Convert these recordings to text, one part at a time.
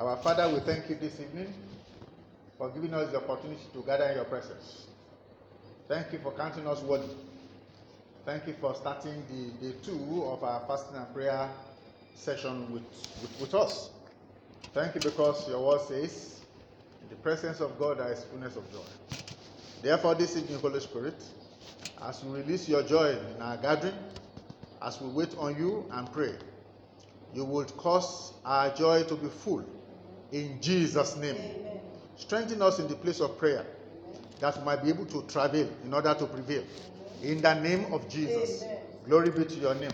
Our Father, we thank you this evening for giving us the opportunity to gather in your presence. Thank you for counting us worthy. Thank you for starting the day two of our fasting and prayer session with, with, with us. Thank you because your word says, In the presence of God there is fullness of joy. Therefore, this evening, Holy Spirit, as we release your joy in our gathering, as we wait on you and pray, you will cause our joy to be full In Jesus' name. Strengthen us in the place of prayer that we might be able to travel in order to prevail. In the name of Jesus. Glory be to your name.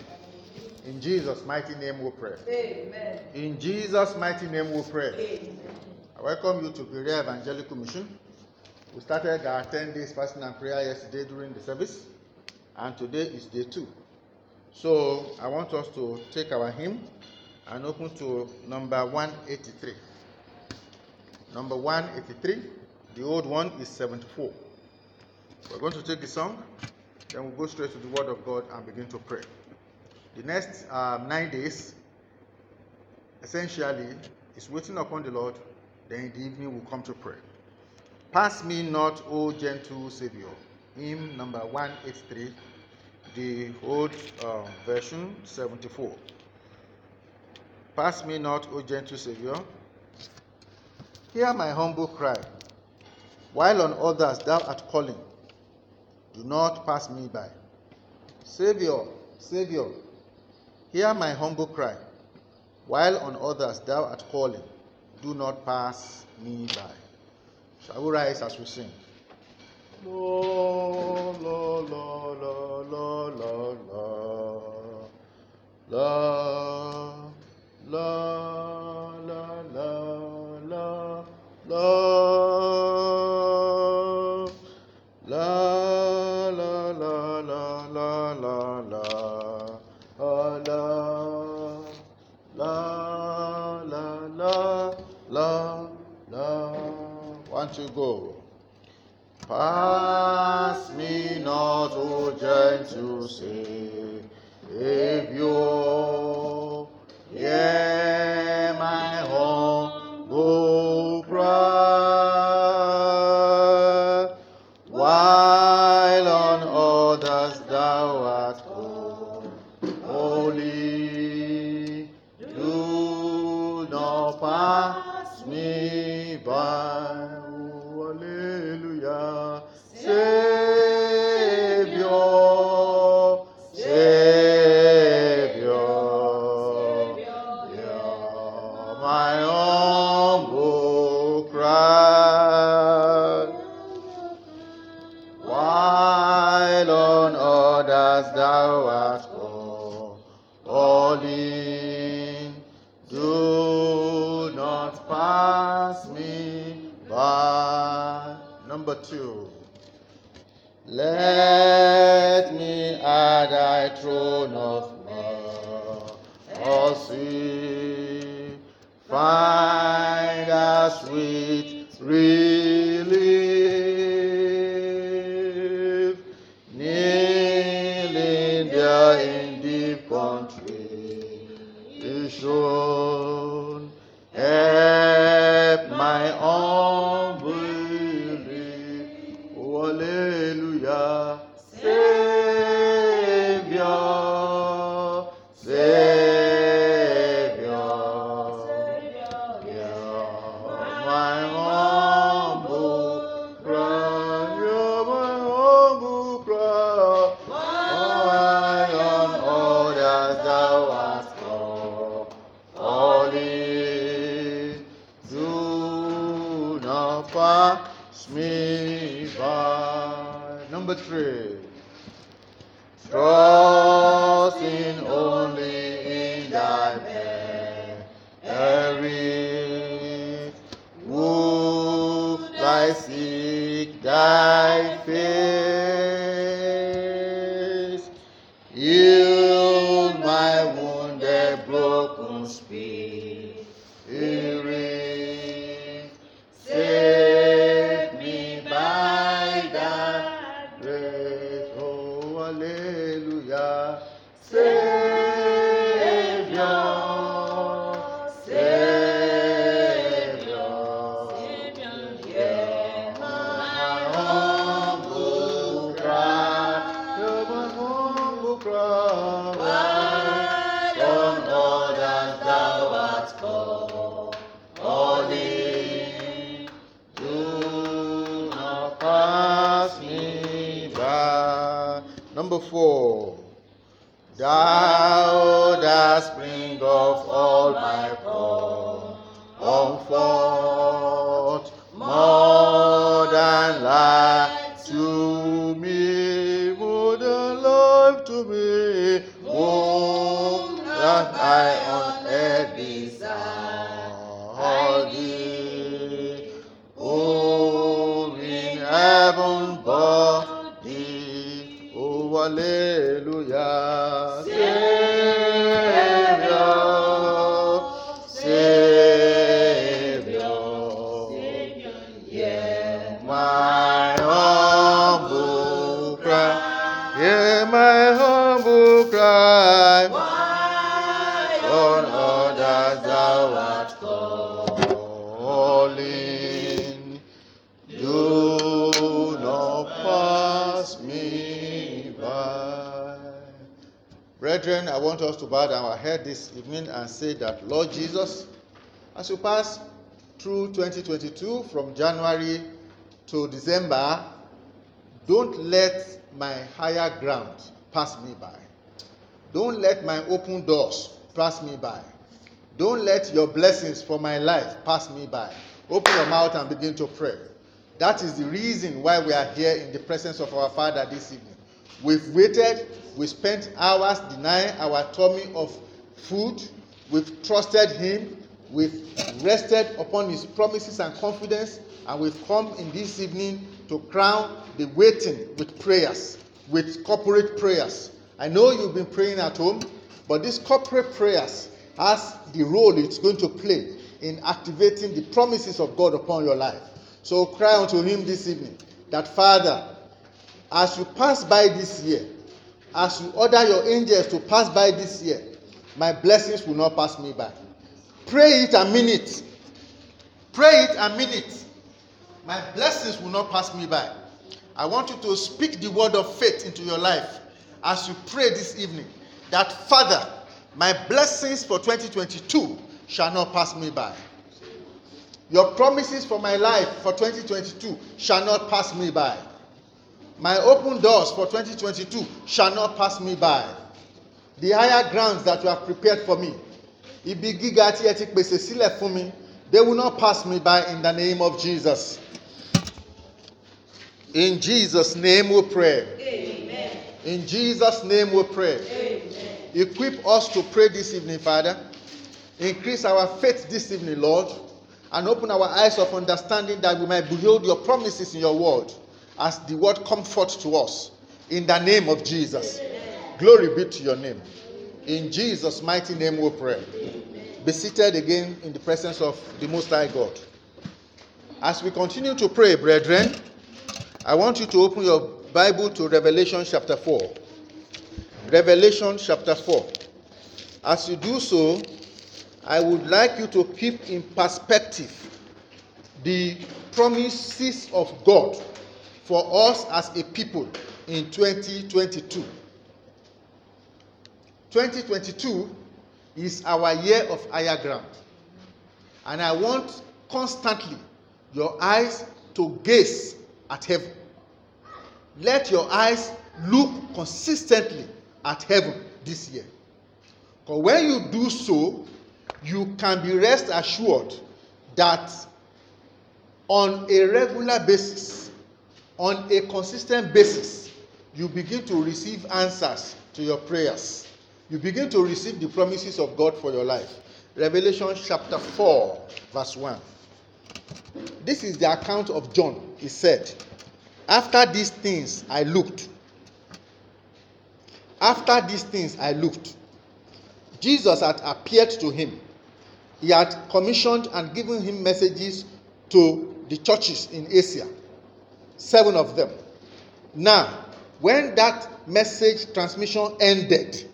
In Jesus' mighty name we pray. Amen. In Jesus' mighty name we pray. Amen. I welcome you to Berea Evangelical Mission. We started our 10 days fasting and prayer yesterday during the service, and today is day two. So I want us to take our hymn and open to number 183. Number 183. The old one is 74. We're going to take the song, then we'll go straight to the Word of God and begin to pray. The next um, nine days, essentially, is waiting upon the Lord. Then in the evening, we'll come to pray. Pass me not, O gentle Savior. Hymn number 183, the old um, version 74. Pass me not, O gentle Savior. Hear my humble cry, while on others thou art calling. Do not pass me by. Savior, Savior, hear my humble cry, while on others thou art calling. Do not pass me by. Shall we rise as we sing? La, la, la, la, la, la, la, la, la la la la la la la la la la la la la la want to go pass me not o gentle say if you say that, Lord Jesus, as you pass through 2022 from January to December, don't let my higher ground pass me by. Don't let my open doors pass me by. Don't let your blessings for my life pass me by. Open your mouth and begin to pray. That is the reason why we are here in the presence of our Father this evening. We've waited, we spent hours denying our tummy of food, We've trusted Him. We've rested upon His promises and confidence. And we've come in this evening to crown the waiting with prayers, with corporate prayers. I know you've been praying at home, but these corporate prayers has the role it's going to play in activating the promises of God upon your life. So cry unto Him this evening that, Father, as you pass by this year, as you order your angels to pass by this year, my blessings will not pass me by. Pray it a minute. Pray it a minute. My blessings will not pass me by. I want you to speak the word of faith into your life as you pray this evening that, Father, my blessings for 2022 shall not pass me by. Your promises for my life for 2022 shall not pass me by. My open doors for 2022 shall not pass me by the higher grounds that you have prepared for me ibi gíga tí ẹ ti e sílẹ̀ fún mi they will not pass me by in the name of jesus in jesus name we pray Amen. in jesus name we pray Amen. equip us to pray this evening father increase our faith this evening lord and open our eyes of understanding that we might behold your promises in your word as the word comfort to us in the name of jesus. Amen. Glory be to your name. In Jesus' mighty name we pray. Be seated again in the presence of the Most High God. As we continue to pray, brethren, I want you to open your Bible to Revelation chapter 4. Revelation chapter 4. As you do so, I would like you to keep in perspective the promises of God for us as a people in 2022. 2022 is our year of higher ground. And I want constantly your eyes to gaze at heaven. Let your eyes look consistently at heaven this year. Because when you do so, you can be rest assured that on a regular basis, on a consistent basis, you begin to receive answers to your prayers. you begin to receive the promises of God for your life. Revelation chapter 4, verse 1. This is the account of John. He said, After these things I looked. After these things I looked. Jesus had appeared to him. He had commissioned and given him messages to the churches in Asia, seven of them. Now, when that message transmission ended,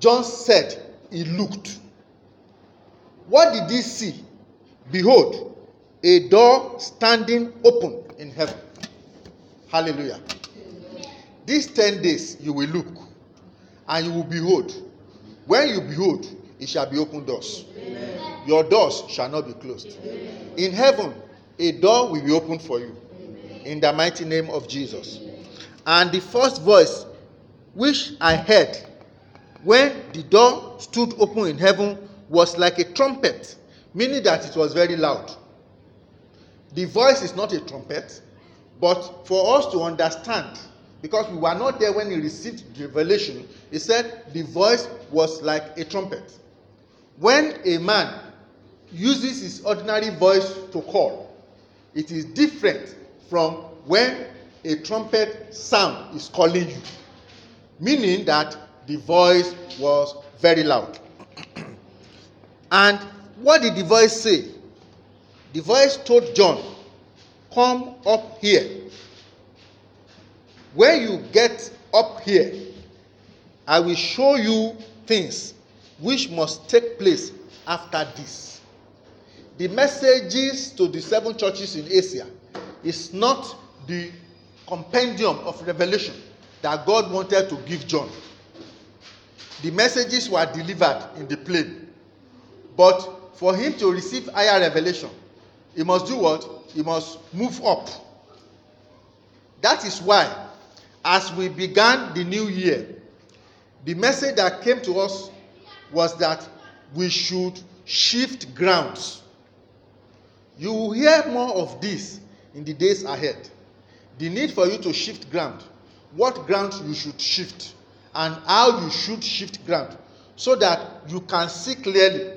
John said, He looked. What did he see? Behold, a door standing open in heaven. Hallelujah. These 10 days you will look and you will behold. When you behold, it shall be open doors. Amen. Your doors shall not be closed. Amen. In heaven, a door will be opened for you. In the mighty name of Jesus. And the first voice which I heard when the door stood open in heaven was like a trumpet, meaning that it was very loud. The voice is not a trumpet, but for us to understand, because we were not there when he received the revelation, he said the voice was like a trumpet. When a man uses his ordinary voice to call, it is different from when a trumpet sound is calling you. Meaning that the voice was very loud. and what did the voice say? The voice told John, Come up here. When you get up here, I will show you things which must take place after this. The messages to the seven churches in Asia is not the compendium of revelation that God wanted to give John the messages were delivered in the plane but for him to receive higher revelation he must do what he must move up that is why as we began the new year the message that came to us was that we should shift grounds you will hear more of this in the days ahead the need for you to shift ground what ground you should shift and how you should shift ground so that you can see clearly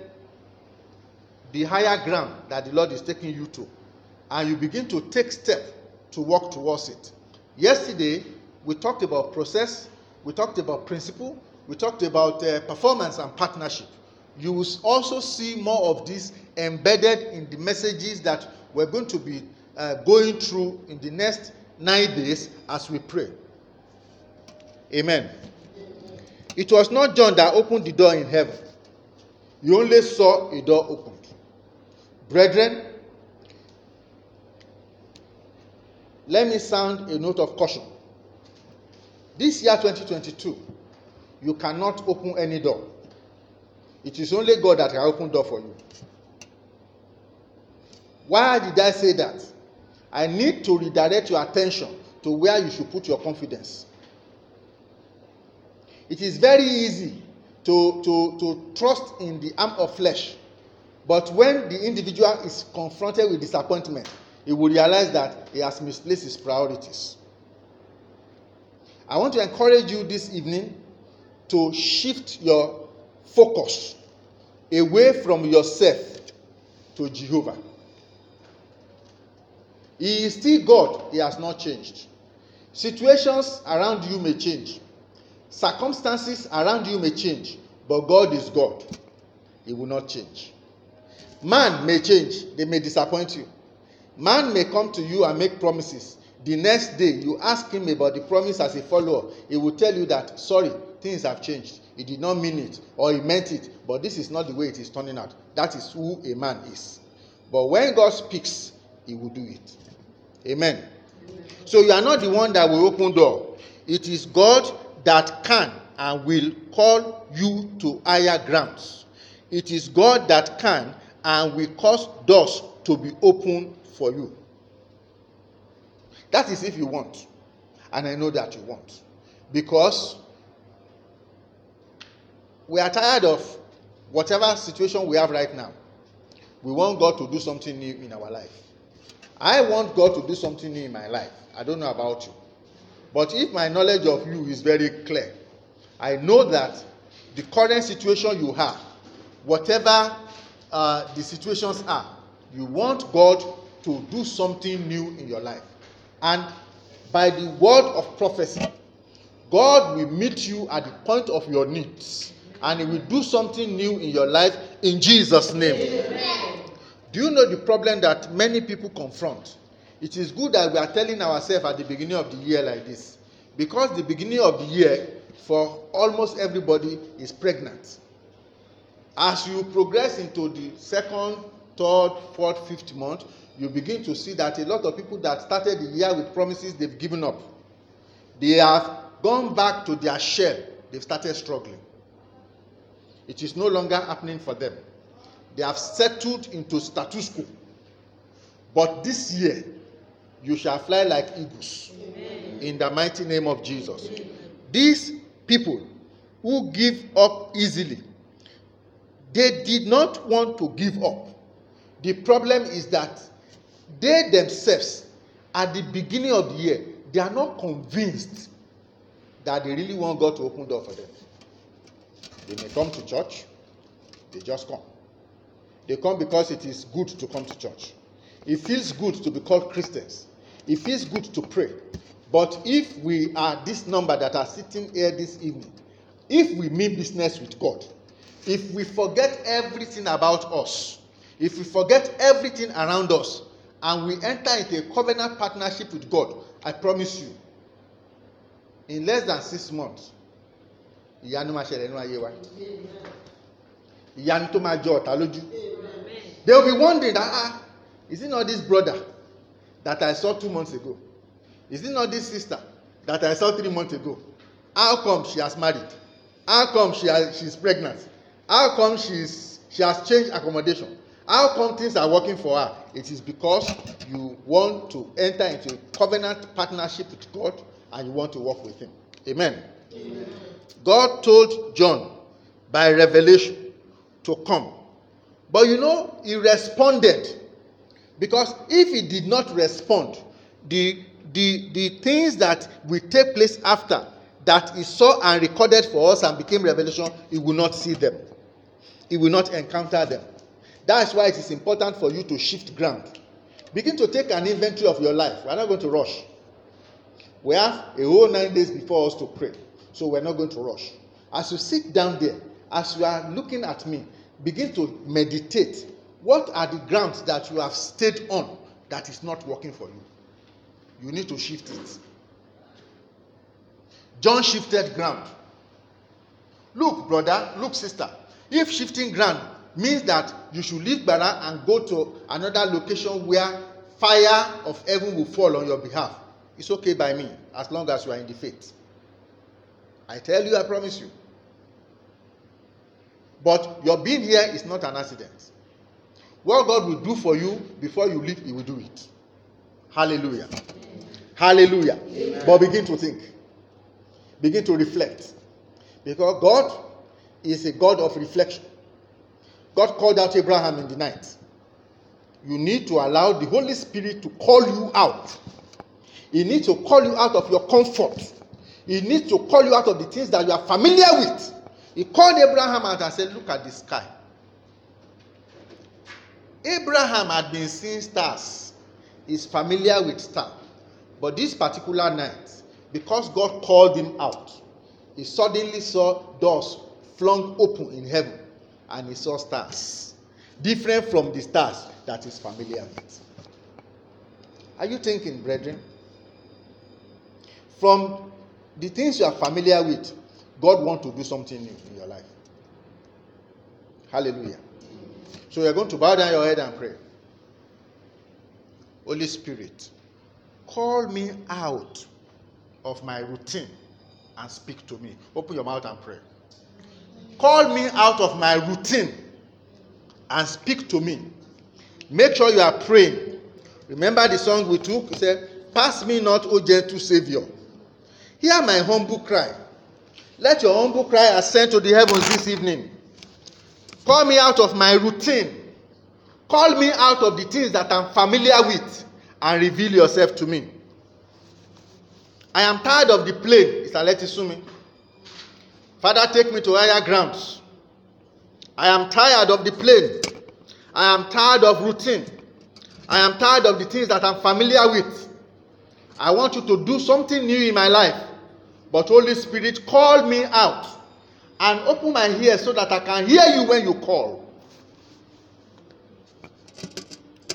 the higher ground that the Lord is taking you to and you begin to take steps to walk towards it. Yesterday, we talked about process, we talked about principle, we talked about uh, performance and partnership. You will also see more of this embedded in the messages that we're going to be uh, going through in the next nine days as we pray. Amen. It was not John that opened the door in heaven. You he only saw a door opened. Brethren, let me sound a note of caution. This year 2022, you cannot open any door. It is only God that can open door for you. Why did I say that? I need to redirect your attention to where you should put your confidence. It is very easy to, to, to trust in the arm of flesh. But when the individual is confronted with disappointment, he will realize that he has misplaced his priorities. I want to encourage you this evening to shift your focus away from yourself to Jehovah. He is still God, He has not changed. Situations around you may change, Circumstances around you may change, but God is God. He will not change. Man may change, they may disappoint you. Man may come to you and make promises. The next day, you ask him about the promise as a follower, he will tell you that, sorry, things have changed. He did not mean it, or he meant it, but this is not the way it is turning out. That is who a man is. But when God speaks, he will do it. Amen. So you are not the one that will open door. It is God that can and will call you to higher grounds. It is God that can and will cause doors to be open for you. That is if you want. And I know that you want. Because we are tired of whatever situation we have right now. We want God to do something new in our life. I want God to do something new in my life. I don't know about you. But if my knowledge of you is very clear, I know that the current situation you have, whatever uh, the situations are, you want God to do something new in your life. And by the word of prophecy, God will meet you at the point of your needs and He will do something new in your life in Jesus' name. Amen. Do you know the problem that many people confront? it is good that we are telling ourselves at the beginning of the year like this because the beginning of the year for almost everybody is pregnant as you progress into the second third fourth fifth month you begin to see that a lot of people that started the year with promises they've given up they have gone back to their shell they've started struggling it is no longer happening for them they have settled into status quo but this year you shall fly like eagles. Amen. In the mighty name of Jesus. Amen. These people who give up easily, they did not want to give up. The problem is that they themselves, at the beginning of the year, they are not convinced that they really want God to open door for them. They may come to church, they just come. They come because it is good to come to church. It feels good to be called Christians. It feels good to pray. But if we are this number that are sitting here this evening, if we mean business with God, if we forget everything about us, if we forget everything around us, and we enter into a covenant partnership with God, I promise you, in less than six months, ìyanu máa ṣẹlẹ̀ nínú ayé wa. Ìyanu tó máa jọ ọ̀tá lójú. They will be wondering that ah, is it not this brother? that I saw two months ago? Is it not this sister that I saw three months ago? How come she has married? How come she has, she's pregnant? How come she's, she has changed accommodation? How come things are working for her? It is because you want to enter into a covenant partnership with God and you want to work with Him. Amen. Amen. God told John by revelation to come. But you know, he responded Because if he did not respond, the, the, the things that will take place after that he saw and recorded for us and became revelation, he will not see them. He will not encounter them. That's why it is important for you to shift ground. Begin to take an inventory of your life. We're not going to rush. We have a whole nine days before us to pray. So we're not going to rush. As you sit down there, as you are looking at me, begin to meditate what are the grounds that you have stayed on that is not working for you you need to shift it john shifted ground look brother look sister if shifting ground means that you should leave gbara and go to another location where fire of heaven will fall on your behalf it's okay by me as long as you are in the faith i tell you i promise you but your being here is not an accident what God will do for you before you leave, He will do it. Hallelujah. Hallelujah. Amen. But begin to think, begin to reflect. Because God is a God of reflection. God called out Abraham in the night. You need to allow the Holy Spirit to call you out. He needs to call you out of your comfort. He needs to call you out of the things that you are familiar with. He called Abraham out and said, Look at the sky. Abraham had been seeing stars, he's familiar with stars. But this particular night, because God called him out, he suddenly saw doors flung open in heaven and he saw stars, different from the stars that he's familiar with. Are you thinking, brethren? From the things you are familiar with, God wants to do something new in your life. Hallelujah. So you're going to bow down your head and pray. Holy Spirit, call me out of my routine and speak to me. Open your mouth and pray. Call me out of my routine and speak to me. Make sure you are praying. Remember the song we took? It said, Pass me not, O gentle Savior. Hear my humble cry. Let your humble cry ascend to the heavens this evening. Call me out of my routine. Call me out of the things that I'm familiar with and reveal yourself to me. I am tired of the plain. It's Aleti Sumi. Father, take me to higher grounds. I am tired of the plain. I am tired of routine. I am tired of the things that I'm familiar with. I want you to do something new in my life. But Holy Spirit, call me out and open my ears so that I can hear you when you call.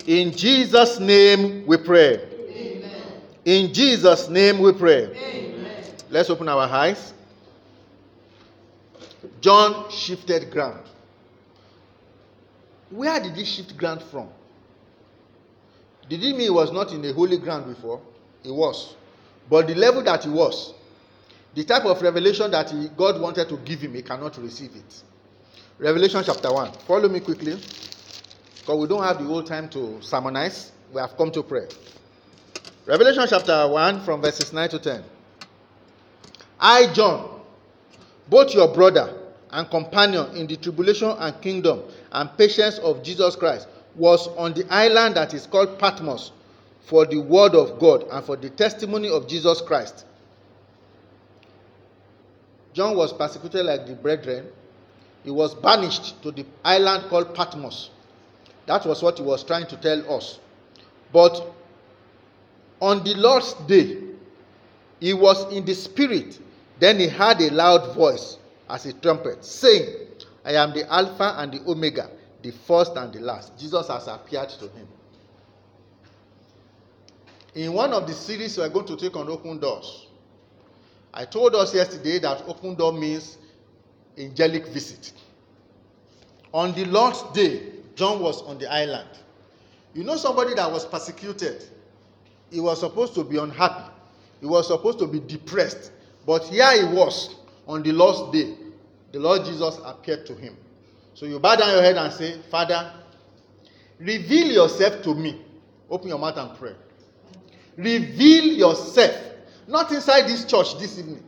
In Jesus' name we pray. Amen. In Jesus' name we pray. Amen. Let's open our eyes. John shifted ground. Where did he shift ground from? Did he mean he was not in the holy ground before? He was. But the level that he was, the type of revelation that he, God wanted to give him, he cannot receive it. Revelation chapter 1. Follow me quickly, because we don't have the whole time to sermonize. We have come to pray. Revelation chapter 1, from verses 9 to 10. I, John, both your brother and companion in the tribulation and kingdom and patience of Jesus Christ, was on the island that is called Patmos for the word of God and for the testimony of Jesus Christ John was persecuted like the brethren. He was banished to the island called Patmos. That was what he was trying to tell us. But on the Lord's day, he was in the spirit. Then he heard a loud voice as a trumpet saying, I am the Alpha and the Omega, the first and the last. Jesus has appeared to him. In one of the series, we are going to take on open doors. I told us yesterday that open door means angelic visit. On the Lord's day, John was on the island. You know somebody that was persecuted. He was supposed to be unhappy. He was supposed to be depressed. But here he was on the Lord's day. The Lord Jesus appeared to him. So you bow down your head and say, Father, reveal yourself to me. Open your mouth and pray. Reveal yourself not inside this church this evening.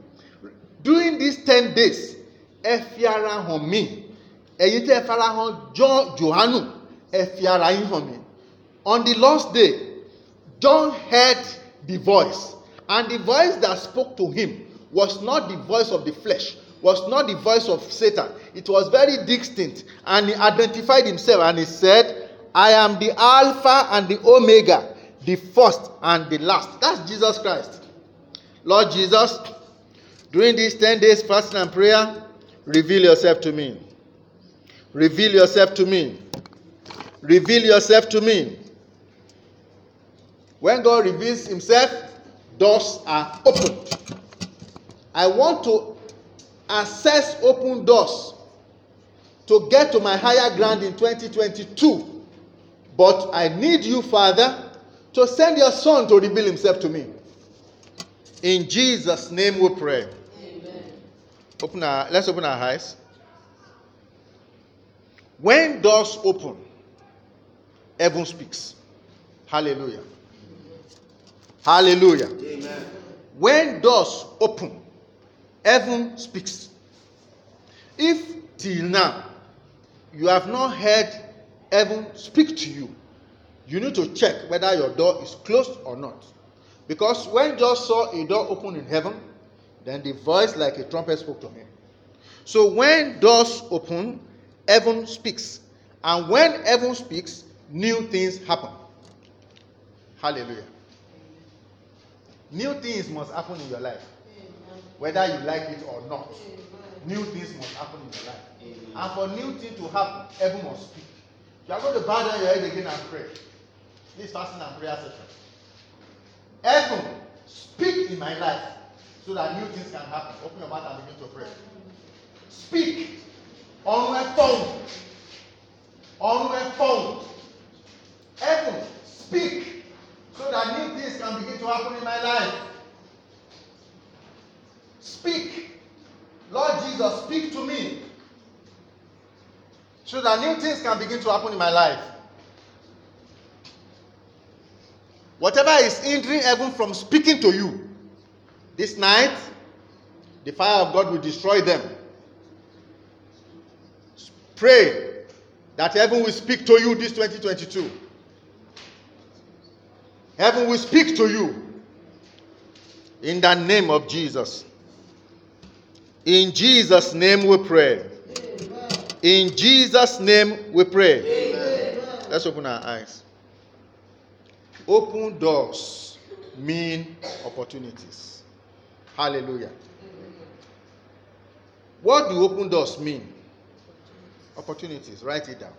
During these 10 days, ẹ fi ara hàn mí. Ẹ̀yin ẹ fara hàn Jòhánù, ẹ fi ara yín hàn mí. On the last day, John heard the voice, and the voice that spoke to him was not the voice of the flesh, was not the voice of Satan. It was very distinct, and he identified himself and he said, I am the Alpha and the Omega, the first and the last. That's Jesus Christ. Lord Jesus, during these 10 days fasting and prayer, reveal yourself to me. Reveal yourself to me. Reveal yourself to me. When God reveals himself, doors are opened. I want to access open doors to get to my higher ground in 2022. But I need you, Father, to send your son to reveal himself to me. In Jesus' name we pray. Amen. Open our, let's open our eyes. When doors open, heaven speaks. Hallelujah. Hallelujah. Amen. When doors open, heaven speaks. If till now you have not heard heaven speak to you, you need to check whether your door is closed or not. Because when John saw a door open in heaven, then the voice like a trumpet spoke to him. So when doors open, heaven speaks. And when heaven speaks, new things happen. Hallelujah. New things must happen in your life. Whether you like it or not, new things must happen in your life. And for new things to happen, heaven must speak. You are going to bow down your head again and pray. This fasting and prayer session. Heaven, speak in my life so that new things can happen. Open your mouth and begin to pray. Speak. on my phone. on my phone. Heaven, speak so that new things can begin to happen in my life. Speak. Lord Jesus, speak to me so that new things can begin to happen in my life. whatever is hindering heaven from speaking to you this night, the fire of God will destroy them. Pray that heaven will speak to you this 2022. Heaven will speak to you in the name of Jesus. In Jesus' name we pray. In Jesus' name we pray. Amen. Let's open our eyes. Open doors mean opportunities. Hallelujah. What do open doors mean? Opportunities. Write it down.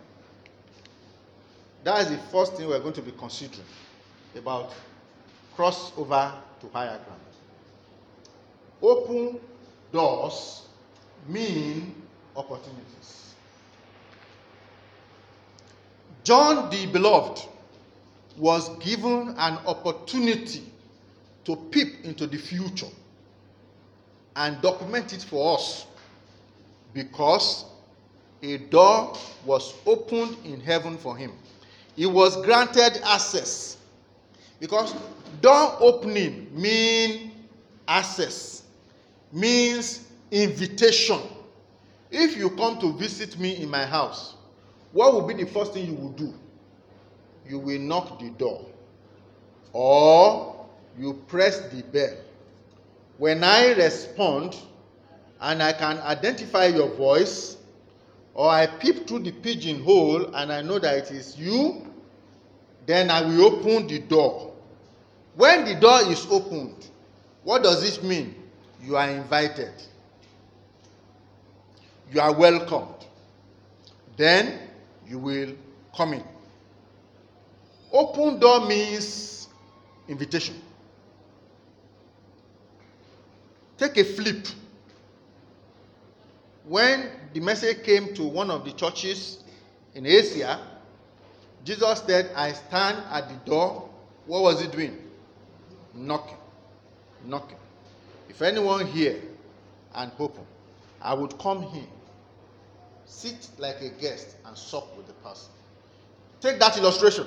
That is the first thing we are going to be considering about crossover to higher ground. Open doors mean opportunities. John the Beloved was given an opportunity to peep into the future and document it for us because a door was opened in heaven for him. He was granted access because door opening means access, means invitation. If you come to visit me in my house, what will be the first thing you will do? you will knock the door or you press the bell. When I respond and I can identify your voice, or I peep through the pigeonhole and I know that it is you, then I will open the door. When the door is opened, what does it mean? You are invited, you are welcomed. Then you will come in. Open door means invitation. Take a flip. When the message came to one of the churches in Asia, Jesus said, I stand at the door. What was he doing? Knocking. Knocking. If anyone hear and open, I would come here, sit like a guest, and sup with the person. Take that illustration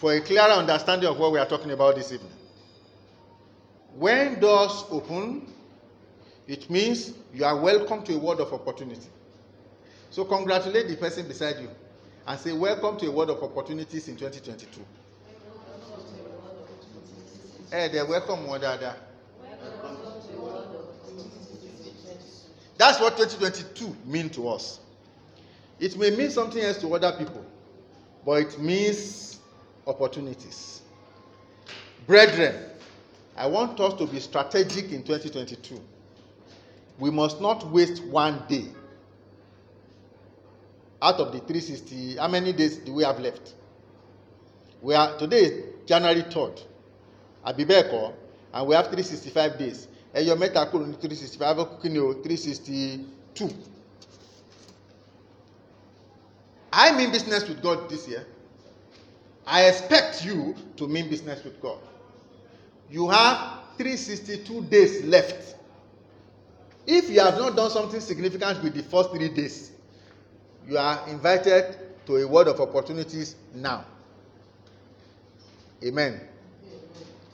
for a clearer understanding of what we are talking about this evening. When doors open, it means you are welcome to a world of opportunity. So congratulate the person beside you and say, Welcome to a world of opportunities in 2022. Hey, eh, they welcome one That's what 2022 means to us. It may mean something else to other people, but it means opportunities. Brethren, I want us to be strategic in 2022. We must not waste one day out of the 360. How many days do we have left? We are today is January 3rd. Àbí and we have 365 days. Ẹyọ mẹ́ta kúrò ní 365 kí ni o 362. I'm in business with God this year. I expect you to mean business with God. You have 362 days left. If you have not done something significant with the first three days, you are invited to a world of opportunities now. Amen.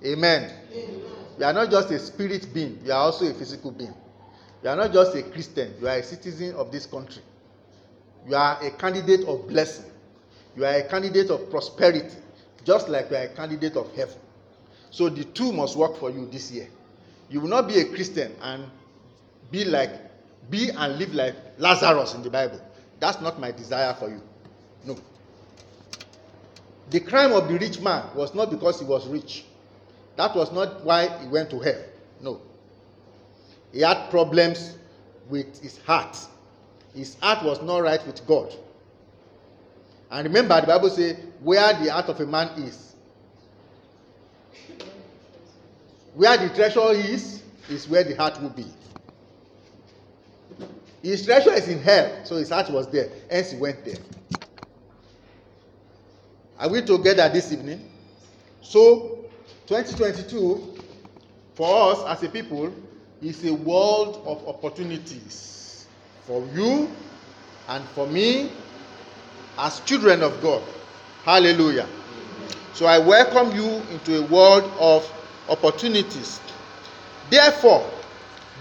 Amen. Amen. You are not just a spirit being, you are also a physical being. You are not just a Christian, you are a citizen of this country. You are a candidate of blessing you are a candidate of prosperity, just like you are a candidate of heaven. So the two must work for you this year. You will not be a Christian and be like, be and live like Lazarus in the Bible. That's not my desire for you. No. The crime of the rich man was not because he was rich. That was not why he went to hell. No. He had problems with his heart. His heart was not right with God. And remember, the Bible says, where the heart of a man is, where the treasure is, is where the heart will be. His treasure is in hell, so his heart was there, hence he went there. Are we together this evening? So, 2022 for us as a people is a world of opportunities for you and for me as children of God. Hallelujah. So I welcome you into a world of opportunities. Therefore,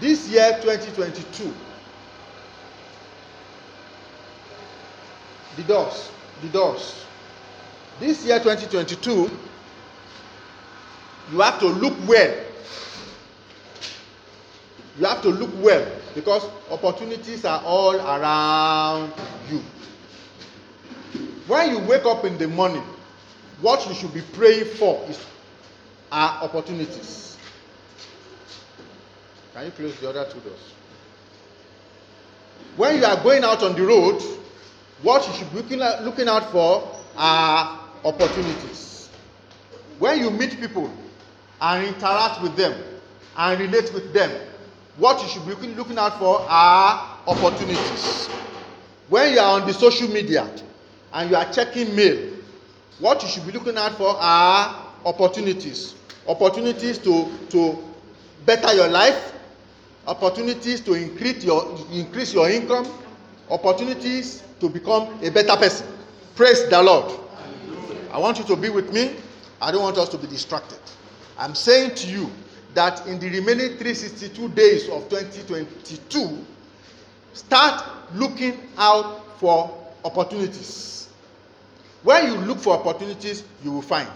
this year 2022, the doors, the doors. This year 2022, you have to look well. You have to look well because opportunities are all around you when you wake up in the morning what you should be praying for is are opportunities can you close the other two doors when you are going out on the road what you should be looking, out for are opportunities when you meet people and interact with them and relate with them what you should be looking out for are opportunities when you are on the social media and you are checking mail what you should be looking out for are opportunities opportunities to to better your life opportunities to increase your increase your income opportunities to become a better person praise the lord i want you to be with me i don't want us to be distracted i'm saying to you that in the remaining 362 days of 2022 start looking out for opportunities When you look for opportunities, you will find.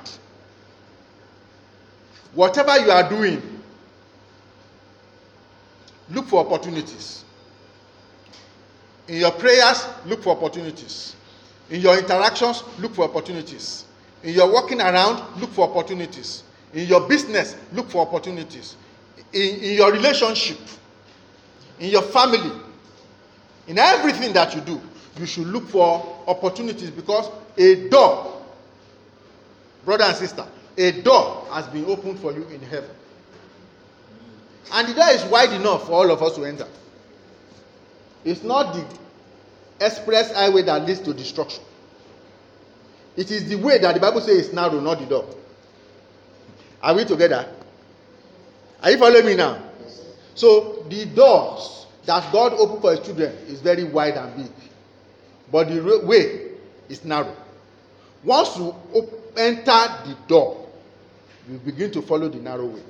Whatever you are doing, look for opportunities. In your prayers, look for opportunities. In your interactions, look for opportunities. In your walking around, look for opportunities. In your business, look for opportunities. In, in your relationship, in your family, in everything that you do, you should look for opportunities because a door brother and sister a door has been opened for you in heaven and the door is wide enough for all of us to enter it's not the express highway that leads to destruction it is the way that the bible says is narrow not the door are we together are you following me now so the doors that god open for his children is very wide and big but the way is narrow. Once you enter the door, you begin to follow the narrow way.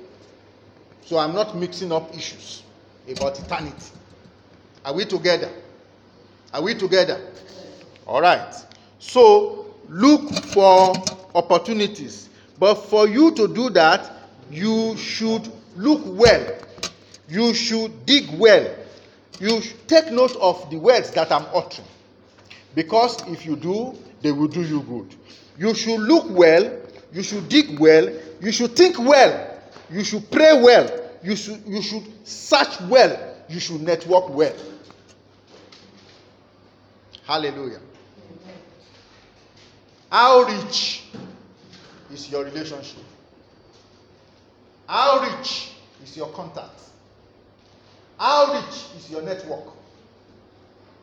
So I'm not mixing up issues about eternity. Are we together? Are we together? All right. So look for opportunities. But for you to do that, you should look well. You should dig well. You should take note of the words that I'm uttering. Because if you do, they will do you good. You should look well, you should dig well, you should think well, you should pray well, you should, you should search well, you should network well. Hallelujah. How rich is your relationship? How rich is your contact? How rich is your network?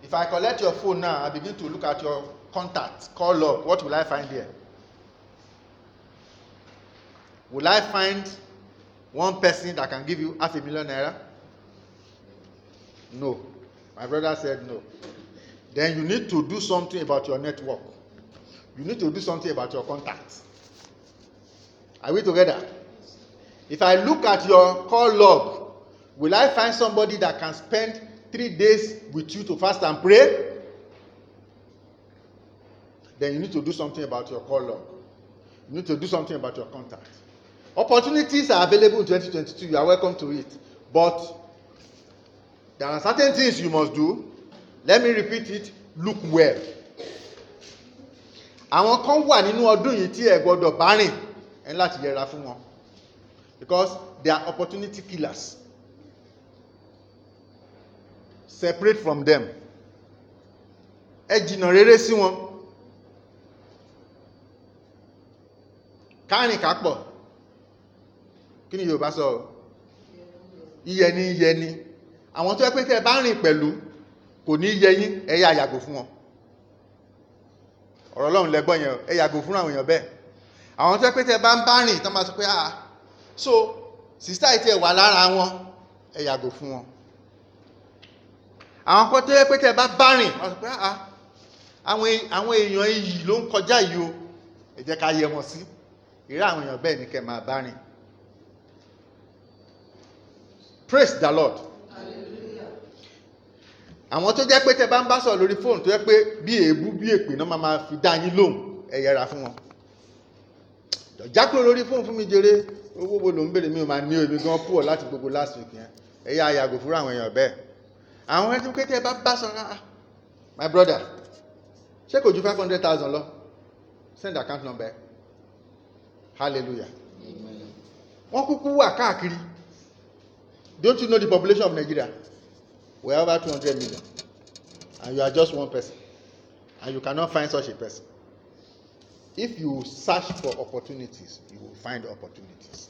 If I collect your phone now, I begin to look at your contact, call log, what will I find here? Will I find one person that can give you half a million naira? No. My brother said no. Then you need to do something about your network. You need to do something about your contacts. Are we together? If I look at your call log, will I find somebody that can spend three days with you to fast and pray then you need to do something about your call log you need to do something about your contact opportunities are available in 2022 you are welcome to it but there are certain things you must do let me repeat it look well àwọn kan wà nínú ọdún yìí tí ẹ gbọdọ̀ bá rìn ẹ láti yẹra fún wọn because they are opportunity killers separate from them ẹ jìnnà rere sí wọn kárìn kápọ̀ kí ni Yorùbá sọ yíyẹni yíyẹni àwọn tó yẹ pé tẹ ẹ bá rìn pẹ̀lú kò ní yẹ yín ẹ yà yàgò fún wọn ọ̀rọ̀ Ọlọ́run lẹ́gbọ́n yẹn ẹ yàgò fún àwọn èèyàn bẹ́ẹ̀ àwọn tó yẹ pé tẹ ẹ bá ń bá rìn tán máa sọ pé ah so sista yìí tẹ wà lára wọn ẹ yàgò fún wọn àwọn kan tó yẹ pé tẹ́ bá bá rìn wọ́n sọ pé ah, ah e, àwọn èèyàn iyì ló ń kọjá yìí o ẹ jẹ́ ká yẹ wọn sí ìrí àwọn èèyàn bẹ́ẹ̀ ni kẹ́ máa bá rìn praise the lord àwọn tó jẹ́ pé tẹ́ bá ń bá sọ̀rọ̀ lórí fóònù tó jẹ́ pé bí èébú bí èpè náà máa fi dá yín lóhùn ẹ yẹra fún wọn jákúrò lórí fóònù fún mi jèrè owó wo ló ń béèrè mi ò máa ní omi gan púọ̀ láti gbogbo last week yẹn ẹ yá yàgò fúnra àwọn èèyàn bẹ́ẹ̀ àwọn ẹni pé tẹ́ bá bá sanra ah, ah, my brother ṣé kò ju five hundred thousand lọ send account number hallelujah wọ́n kúkú wà káàkiri don't you know the population of Nigeria we have over two hundred million and you are just one person and you cannot find such a person if you search for opportunities you will find opportunities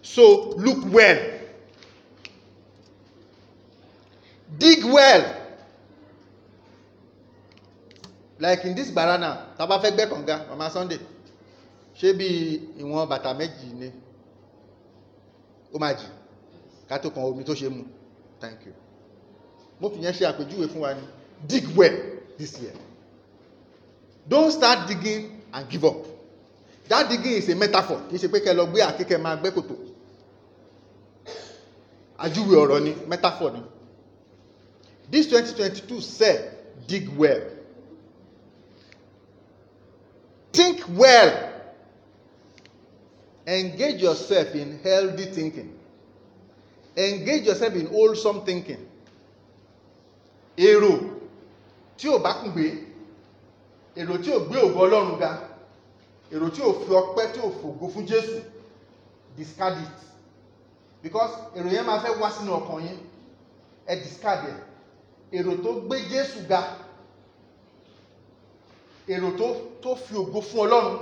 so look well dig well like in this barana tá a bá fẹ́ gbẹ́ kànga mama Sunday ṣé bí ìwọ̀n bàtà méjì ni ó máa jì ká tó kan omi tó ṣe mu thank you mo fi yẹn ṣe àpèjúwe fún wa ni dig well this year don't start digging and give up that digging is a metaphor kì í ṣe pé kẹ́ lọ gbé àkíkẹ́ máa gbẹ́ kòtò àjúwe ọ̀rọ̀ ni metaphor ni. This 2022 said, dig well. Think well. Engage yourself in healthy thinking. Engage yourself in wholesome thinking. Èrò tí o bá kúgbe, èrò tí ò gbé ògo Ọlọ́run ga, èrò tí ò fi ọpẹ́ tí ò fògo fún Jésù, discard it. Because èrò yẹn máa fẹ́ wá sínú ọkàn yín, ẹ discard ẹ̀ èrò tó gbé Jésù ga èrò tó tó fi ògo fún Ọlọ́run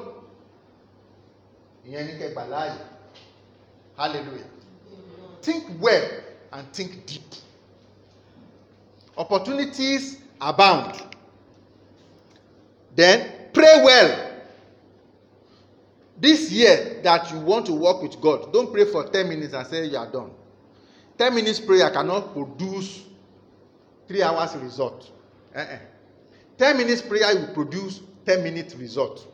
ìyẹn ní kẹgbà láàyè hallelujah think well and think deep opportunities abound then pray well this year that you want to work with God don't pray for ten minutes and say you are done ten minutes prayer cannot produce three hours result uh -uh. ten minutes prayer will produce ten minutes result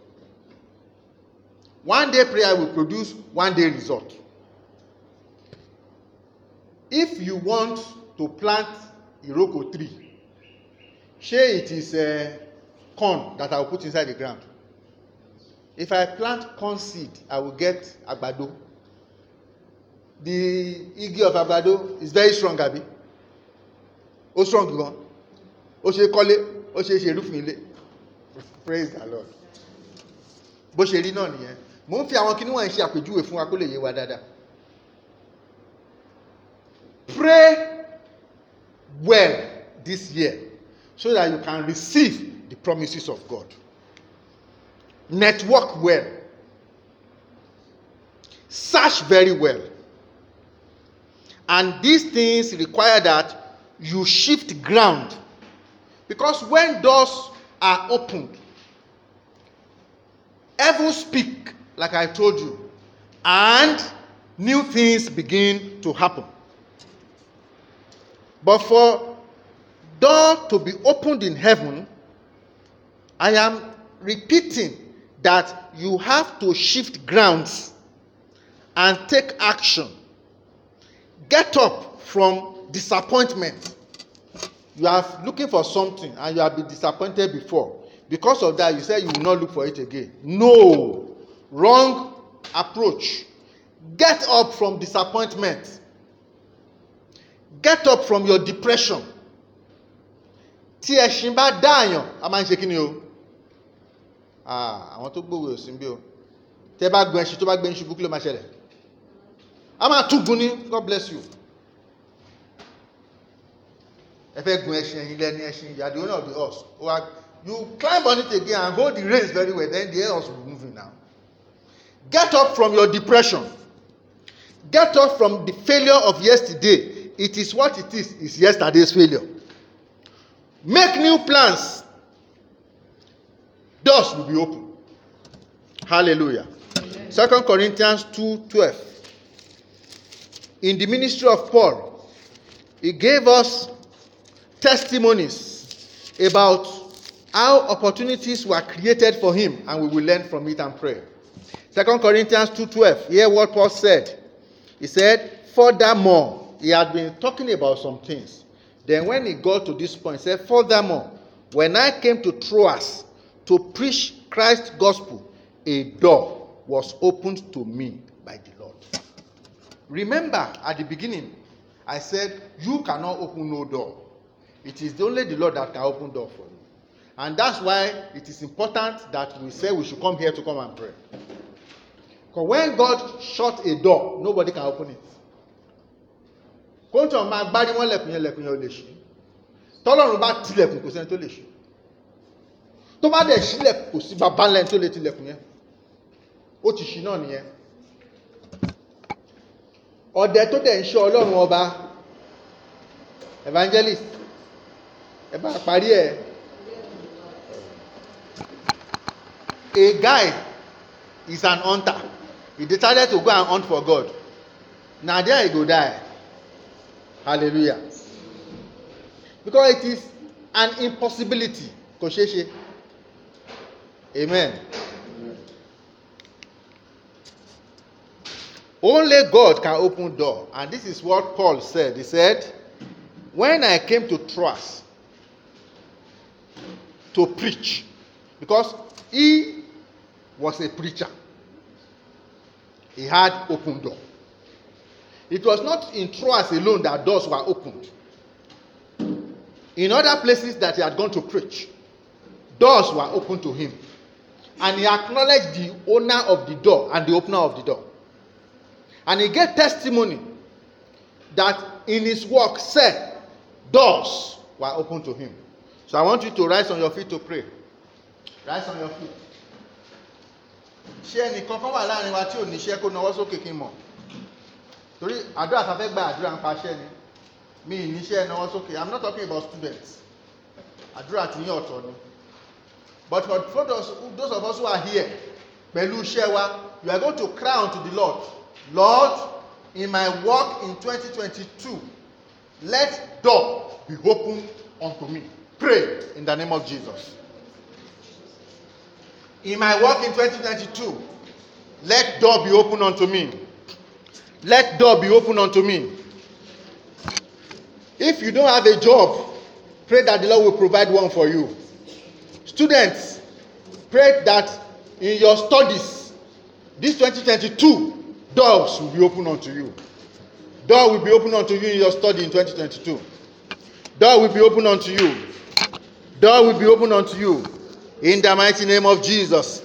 one day prayer will produce one day result if you want to plant iroko tree shey it is uh, corn that i will put inside the ground if i plant corn seed i will get agbado the igi of agbado is very strong abi ó strong gan ó ṣe kọ́lé ó ṣe ṣe irúfin ilé praise the lord bó ṣe rí náà nìyẹn mò ń fi àwọn kinní wọ̀nyí ṣe àpèjúwe fún wa kó lè yé wa dáadáa pray well this year so that you can receive the promises of God network well search very well and these things require that you shift ground. Because when doors are opened, heaven speak, like I told you, and new things begin to happen. But for door to be opened in heaven, I am repeating that you have to shift grounds and take action. Get up from disappointment you are looking for something and you have been disappointed before because of that you say you will not look for it again no wrong approach get up from disappointment get up from your depression tí ẹṣin bá dáàyàn a máa ń ṣe kí ni o ah, àwọn tó gbòòwò ò sí ń bí o tẹ bá gbọ ẹṣin tó bá gbẹ ẹṣin búkú ló máa ṣẹlẹ̀ a máa tún gun ni God bless you ẹ fẹ́ gun ẹṣin ẹ̀yìn lẹ́ni ẹṣin you are the owner of the horse or you climb on it again and hold the reins very well then the horse will move you now get up from your depression get up from the failure of yesterday it is what it is is yesterday's failure make new plans doors will be open hallelujah second corinthians 2 12 in the ministry of paul he gave us testimonies about how opportunities were created for him, and we will learn from it and pray. Second Corinthians 2:12. Hear what Paul said. He said, Furthermore, he had been talking about some things. Then when he got to this point, he said, Furthermore, when I came to Troas to preach Christ's gospel, a door was opened to me by the Lord. Remember at the beginning, I said, You cannot open no door. It is only the Lord that can open door for you. And that's why it is important that we say we should come here to come and pray. Because when God shut a door, nobody can open it. Kóńtò máa gbárí wọn lẹ̀kùn yẹn lẹ̀kùn yẹn ò lè ṣí. Tọ́lọ́run bá tilẹ̀kùn kò sẹ́ni tó lè ṣí. Tó bá dẹ̀ sílẹ̀ kò sí bàbá lẹ́ni tó lè tilẹ̀kùn yẹn. Ó ti ṣí náà nìyẹn. Ọ̀dẹ tó dẹ̀ ń ṣe Ọlọ́run ọba evangelist ẹ bá parí ẹ̀ a guy is an hunter he decided to go and hunt for God na there he go die hallelujah because it is an impossibility kò ṣeé ṣe amen. Only God can open door. And this is what Paul said. He said, When I came to trust, to preach because he was a preacher. He had open door. It was not in Troas alone that doors were opened. In other places that he had gone to preach, doors were opened to him. And he acknowledged the owner of the door and the opener of the door. And he gave testimony that in his work, said, doors were opened to him. So I want you to rise on your feet to pray. Rise on your feet. Ṣé ẹnìkan kan wà láàrin wa tí ò níṣẹ́ kó nawọ́ sókè kí n mọ̀? Torí àdúrà tá a fẹ́ gba àdúrà ń paṣẹ́ ni. Mi ì níṣẹ́ nawọ́ sókè. I'm not talking about students. Àdúrà ti ní ọ̀tọ̀ ni. But for, those, those of us who are here, pẹ̀lú iṣẹ́ wa, you are going to cry unto the Lord. Lord, in my work in 2022, let door be open unto me. pray in the name of Jesus. In my work in 2022, let door be open unto me. Let door be open unto me. If you don't have a job, pray that the Lord will provide one for you. Students, pray that in your studies, this 2022, doors will be open unto you. Door will be open unto you in your study in 2022. Door will be open unto you Door will be opened unto you in the mighty name of Jesus.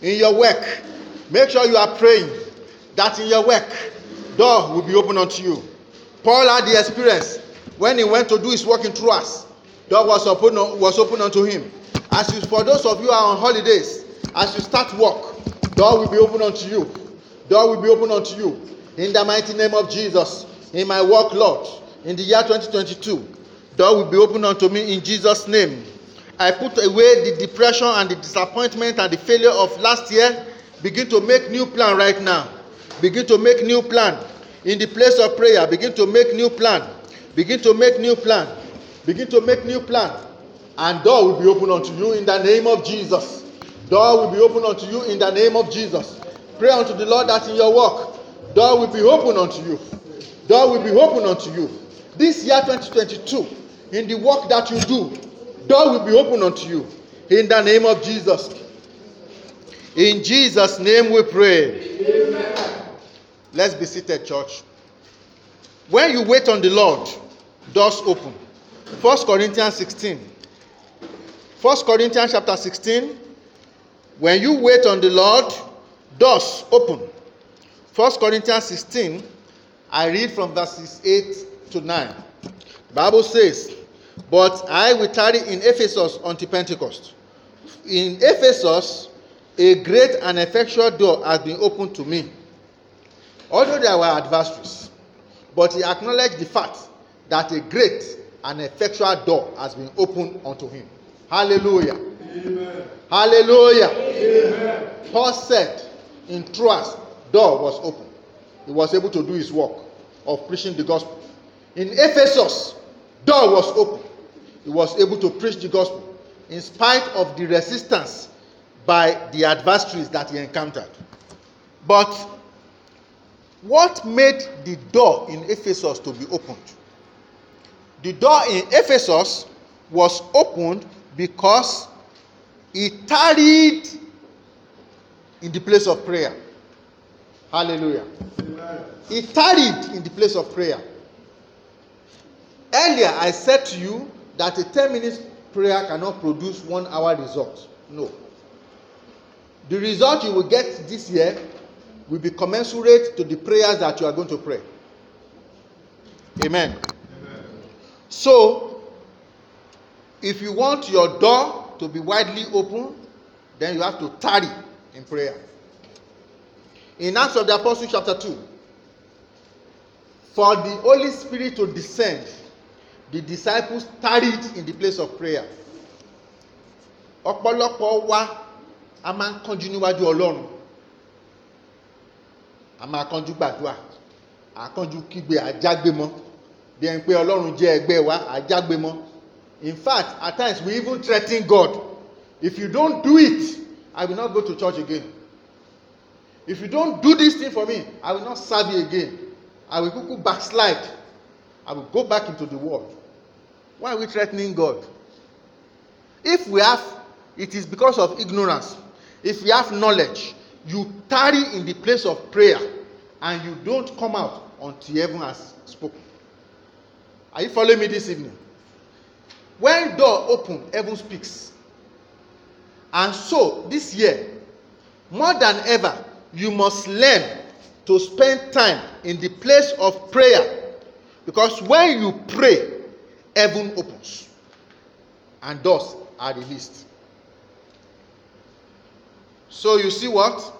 In your work, make sure you are praying that in your work, door will be opened unto you. Paul had the experience when he went to do his work in Troas, door was open, was open unto him. As you, for those of you are on holidays, as you start work, door will be open unto you. Door will be open unto you. In the mighty name of Jesus, in my work, Lord, in the year 2022, Door will be opened unto me in Jesus' name. I put away the depression and the disappointment and the failure of last year. Begin to make new plan right now. Begin to make new plan. In the place of prayer, begin to make new plan. Begin to make new plan. Begin to make new plan. And door will be opened unto you in the name of Jesus. Door will be opened unto you in the name of Jesus. Pray unto the Lord that in your work, door will be opened unto you. Door will be opened unto you. This year 2022, in the work that you do, door will be open unto you. In the name of Jesus. In Jesus' name we pray. Amen. Let's be seated, church. When you wait on the Lord, doors open. 1 Corinthians 16. 1 Corinthians chapter 16. When you wait on the Lord, doors open. 1 Corinthians 16, I read from verses 8 to 9. The Bible says, but I will tarry in Ephesus until Pentecost. In Ephesus, a great and effectual door has been opened to me. Although there were adversaries, but he acknowledged the fact that a great and effectual door has been opened unto him. Hallelujah. Amen. Hallelujah. Amen. Paul said in Troas, door was open. He was able to do his work of preaching the gospel. In Ephesus, door was open he was able to preach the gospel in spite of the resistance by the adversaries that he encountered. But what made the door in Ephesus to be opened? The door in Ephesus was opened because he tarried in the place of prayer. Hallelujah. Amen. He tarried in the place of prayer. Earlier, I said to you that a 10 minutes prayer cannot produce one hour result. No. The result you will get this year will be commensurate to the prayers that you are going to pray. Amen. Amen. So, if you want your door to be widely open, then you have to tarry in prayer. In Acts of the Apostles, chapter 2, for the Holy Spirit to descend the disciples tarried in the place of prayer ọ̀pọ̀lọpọ̀ wa a máa ń kánjú níwájú ọlọ́run a máa kánjú gbàdúrà àkánjú kígbe àjágbe bí ẹni pé ọlọ́run jẹ́ ẹgbẹ́ wa àjágbe in fact at times we even threaten God if you don't do it I will not go to church again if you don't do this thing for me I will not serve you again I will kuku backslide I will go back into the world Why are we threatening God? If we have, it is because of ignorance. If we have knowledge, you tarry in the place of prayer and you don't come out until heaven has spoken. Are you following me this evening? When door open, heaven speaks. And so this year, more than ever, you must learn to spend time in the place of prayer. Because when you pray, heaven opens and doors are released. So you see what?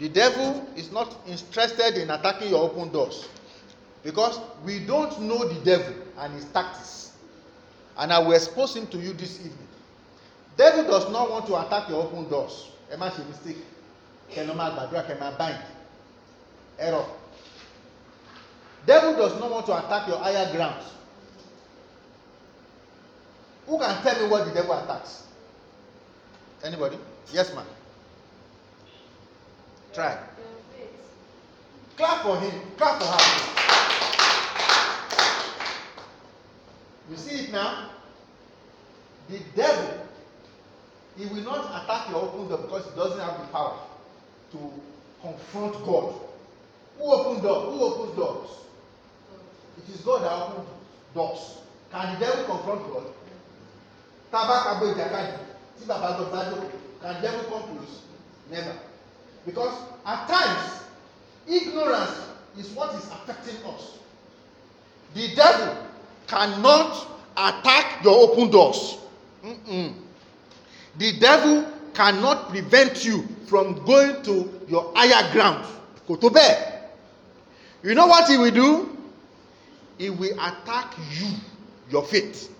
The devil is not interested in attacking your open doors because we don't know the devil and his tactics. And I will expose him to you this evening. Devil does not want to attack your open doors. Ẹ má mistake. Kẹ̀nà máa gbàdúrà kẹ̀ máa bind. Error. Devil does not want to attack your higher grounds. Who can tell me what the devil attacks? Anybody? Yes, ma'am. Try. Clap for him. Clap for her. You see it now? The devil, he will not attack your open door because he doesn't have the power to confront God. Who opened doors? Who opens doors? It is God that opens doors. Can the devil confront God? tá a bá ka gbé ìjàkadì tí bàbá lọ bá dòkò can never conclude never because at times ignorance is what is affecting us the devil cannot attack your open doors Mm-mm. the devil cannot prevent you from going to your higher ground. Kò tó bẹ́ẹ̀. You know what he will do? He will attack you, your faith.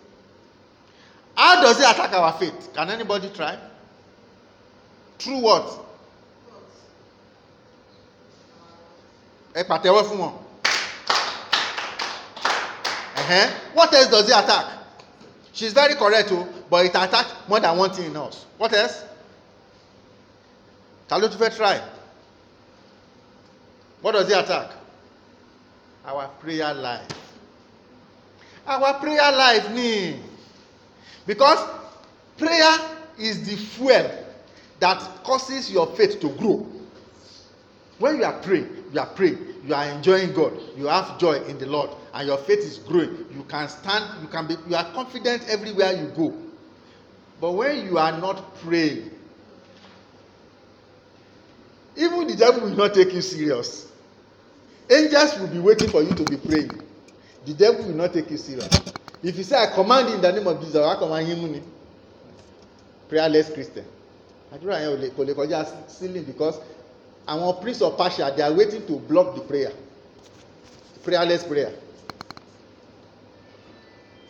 How does it attack our faith? Can anybody try? Through what? Ẹ pàtẹ́wọ́ fún wọn. What else does it attack? She's very correct o, but it attacks more than one thing in us. What else? Ta ló try? What does it attack? Our prayer life. Our prayer life ni. Because prayer is the fuel that causes your faith to grow. When you are praying, you are praying, you are enjoying God, you have joy in the Lord, and your faith is growing. You can stand, you can be, you are confident everywhere you go. But when you are not praying, even the devil will not take you serious. Angels will be waiting for you to be praying. The devil will not take you serious. If you say, I command in the name of Jesus, wàá kàn máa yín mú ni. Prayerless Christian. Àdúrà yẹn kò lè kọjá ceiling because àwọn priest of Persia they are waiting to block the prayer. Prayerless prayer.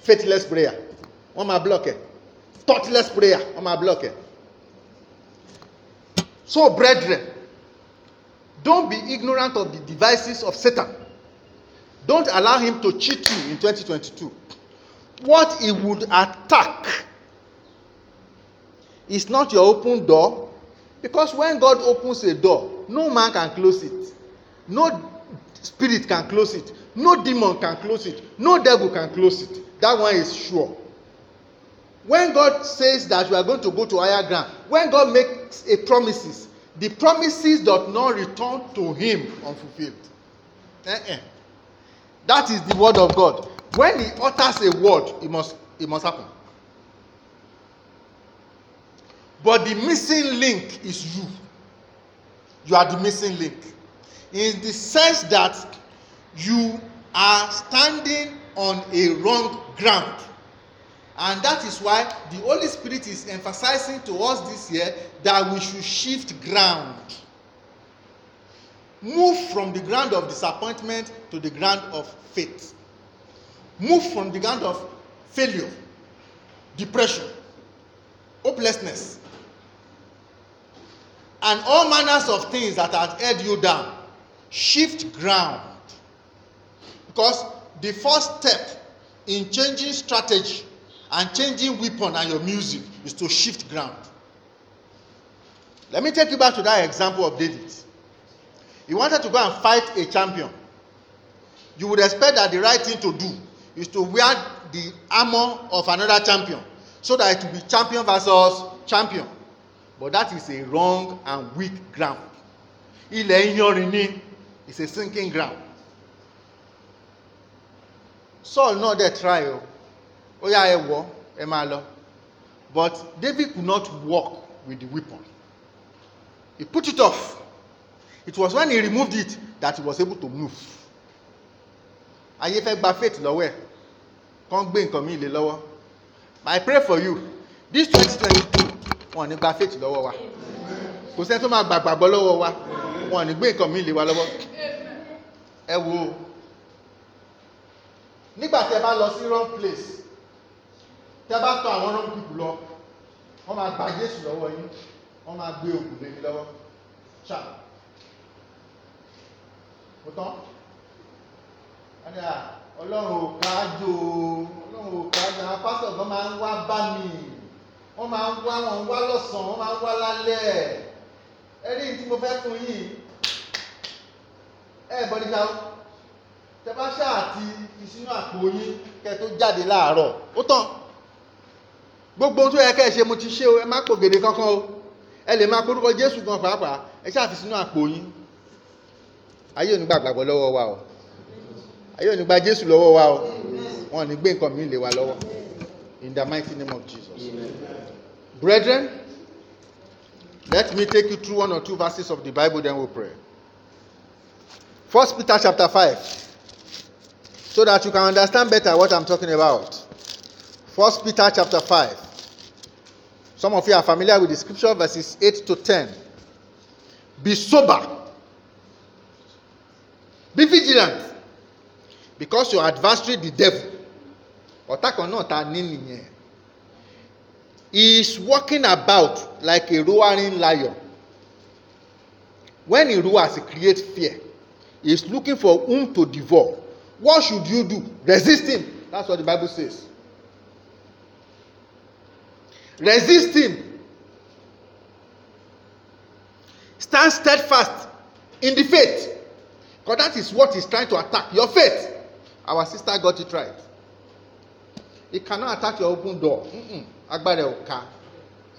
Faithless prayer. Wọ́n máa block ẹ̀. Thoughtless prayer. Wọ́n máa block ẹ̀. So, brethren, don't be ignorant of the devices of Satan. Don't allow him to cheat you in 2022. what he would attack is not your open door because when God opens a door no man can close it no spirit can close it no demon can close it no devil can close it that one is sure when God says that we are going to go to higher ground when God makes a promises the promises does not return to him unfulfilled uh-uh. that is the word of God when he utters a word it must it must happen but the missing link is you you are the missing link in the sense that you are standing on a wrong ground and that is why the holy spirit is emphasizing to us this year that we should shift ground move from the ground of disappointment to the ground of faith move from the ground of failure, depression, hopelessness, and all manners of things that have held you down. Shift ground. Because the first step in changing strategy and changing weapon and your music is to shift ground. Let me take you back to that example of David. He wanted to go and fight a champion. You would expect that the right thing to do is to wear the armor of another champion so that it will be champion versus champion but that is a wrong and weak ground ilẹ̀ iyanrìn ni is a sinking ground Saul náà dẹ̀ try o ó yá ẹ wọ ẹ máa lọ but David could not walk with the weapon he put it off it was when he removed it that he was able to move ayé fẹ́ gba faith lọ́wọ́ ẹ̀ kán gbé nǹkan mi lé lọ́wọ́ I pray for you this twenty twenty two wọn ò ní gba faith lọ́wọ́ wa kò sẹ́ni tó máa gbàgbàgbọ́ lọ́wọ́ wa wọn ò ní gbé nǹkan mi lé wa lọ́wọ́ ẹ wo nígbà tí ẹ bá lọ sí wrong place tí ẹ bá tọ̀ àwọn wrong people lọ wọ́n máa gba Jésù lọ́wọ́ yín wọ́n máa gbé òògùn lé mi lọ́wọ́ ṣá mo tán wọ́n ní à ọlọ́run ò kájò ọlọ́run ò kájò àwọn pásítọ̀ kan máa ń wá bá mi wọ́n máa ń wá wọn wá lọ́sàn-án wọ́n máa ń wá lálẹ́ ẹ̀rí tí mo fẹ́ fún yìí ẹ bọ́ nígbà tẹ bá ṣáà ti fi sínú àpò yín kẹ tó jáde láàárọ̀ ó tán gbogbo ohun tó yẹ kẹ́ ṣe mo ti ṣe o ẹ má pògèdè kankan o ẹ lè máa porúkọ Jésù gan pàápàá ẹ ṣáà fi sínú àpò yín ayé ò ní gbàgbàgbọ́ lọ́wọ́ wa o ayé ò ní gba Jésù lọ́wọ́ wa o wọn ò ní gbé nǹkan mi lé wa lọ́wọ́ in the mighty name of Jesus brethren let me take you through one or two verses of the Bible then we we'll pray First Peter chapter five so that you can understand better what I'm talking about First Peter chapter five some of you are familiar with the scripture verses eight to ten be sober be vigilant because your adversary the devil ọ̀tá náà ta ní nìyẹn he is walking about like a roaring lion when he roars he creates fear he is looking for whom to devour what should you do resist him that's what the bible says resist him stand steadfast in the faith because that is what he's trying to attack your faith our sister got it right he cannot attack your open door agbára Oka,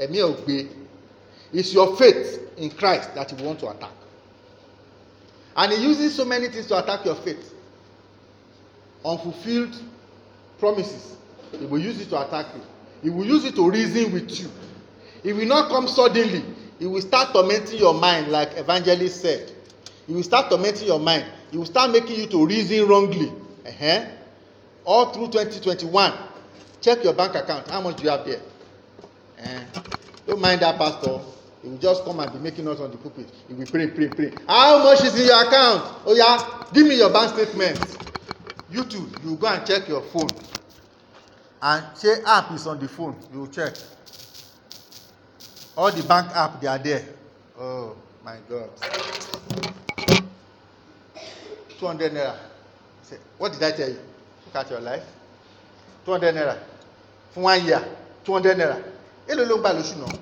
Emi ka it's your faith in Christ that he want to attack and he uses so many things to attack your faith unfulfilled promises he will use it to attack you he will use it to reason with you He will not come suddenly He will start tormenting your mind like evangelist said He will start tormenting your mind He will start making you to reason wrongly Uh-huh. All through 2021. Check your bank account. How much do you have there? Uh, don't mind that pastor. He will just come and be making us on the pulpit. He will pray, pray, pray. How much is in your account? Oh yeah, give me your bank statement. You too, you go and check your phone. And say app is on the phone. You check. All the bank app they are there. Oh my God. Two hundred naira what did I tell you? Look at your life. 200 naira. For one year, 200 naira. Èló ló gbà lóṣù náà?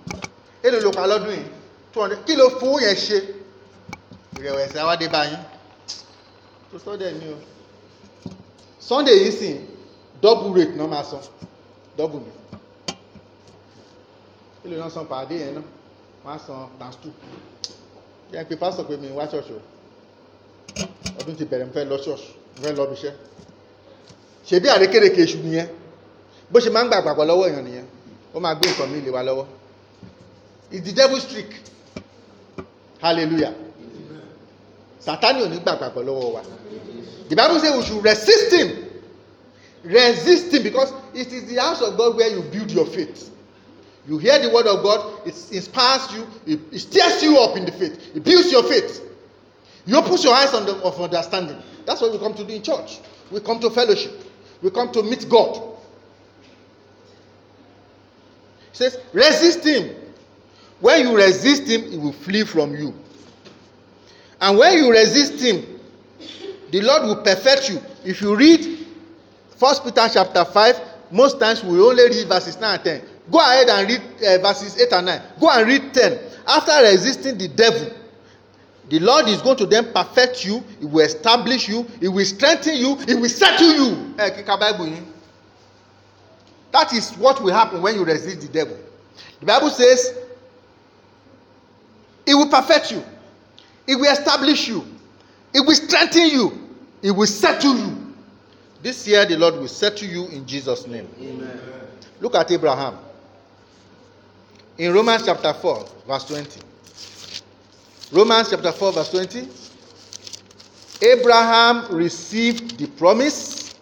Èló ló pa lọ́dún yìí? 200. Kí ló fowó yẹn ṣe? Ìrẹ̀wẹ̀sì àwádé bá yín. Tó sọ́ dẹ̀ ni o. Sunday yìí sìn, double rate náà máa san. Double mi. Èló náà san pàdé yẹn náà? Wọ́n á san times two. Yẹn pe pásítọ̀ pé mi wá ṣọ̀ṣọ̀. Ọdún ti bẹ̀rẹ̀ mo fẹ́ lọ ṣọ̀ṣọ̀ fẹ́ lọ bíṣẹ́ ṣebí àrékèrèké iṣu nìyẹn bó ṣe máa ń gbà àgbàgbọ́ lọ́wọ́ èèyàn nìyẹn ó máa gbé nǹkan mi lè wa lọ́wọ́ it's the devil's trick hallelujah Satani ò ní gbà àgbàgbọ́ lọ́wọ́ wa the bible say we should resist him resist him because it is the house of God where you build your faith you hear the word of God it inspires you it, it stirs you up in the faith it builds your faith you open your eyes on the, of understanding That's what we come to do in church. We come to fellowship. We come to meet God. He says, resist him. When you resist him, he will flee from you. And when you resist him, the Lord will perfect you. If you read 1 Peter chapter 5, most times we only read verses 9 and 10. Go ahead and read uh, verses 8 and 9. Go and read 10. After resisting the devil, the Lord is going to then perfect you, He will establish you, He will strengthen you, He will settle you. That is what will happen when you resist the devil. The Bible says, It will perfect you, It will establish you, It will strengthen you, It will settle you. This year, the Lord will settle you in Jesus' name. Amen. Look at Abraham. In Romans chapter 4, verse 20. Romans chapter 4, verse 20. Abraham received the promise.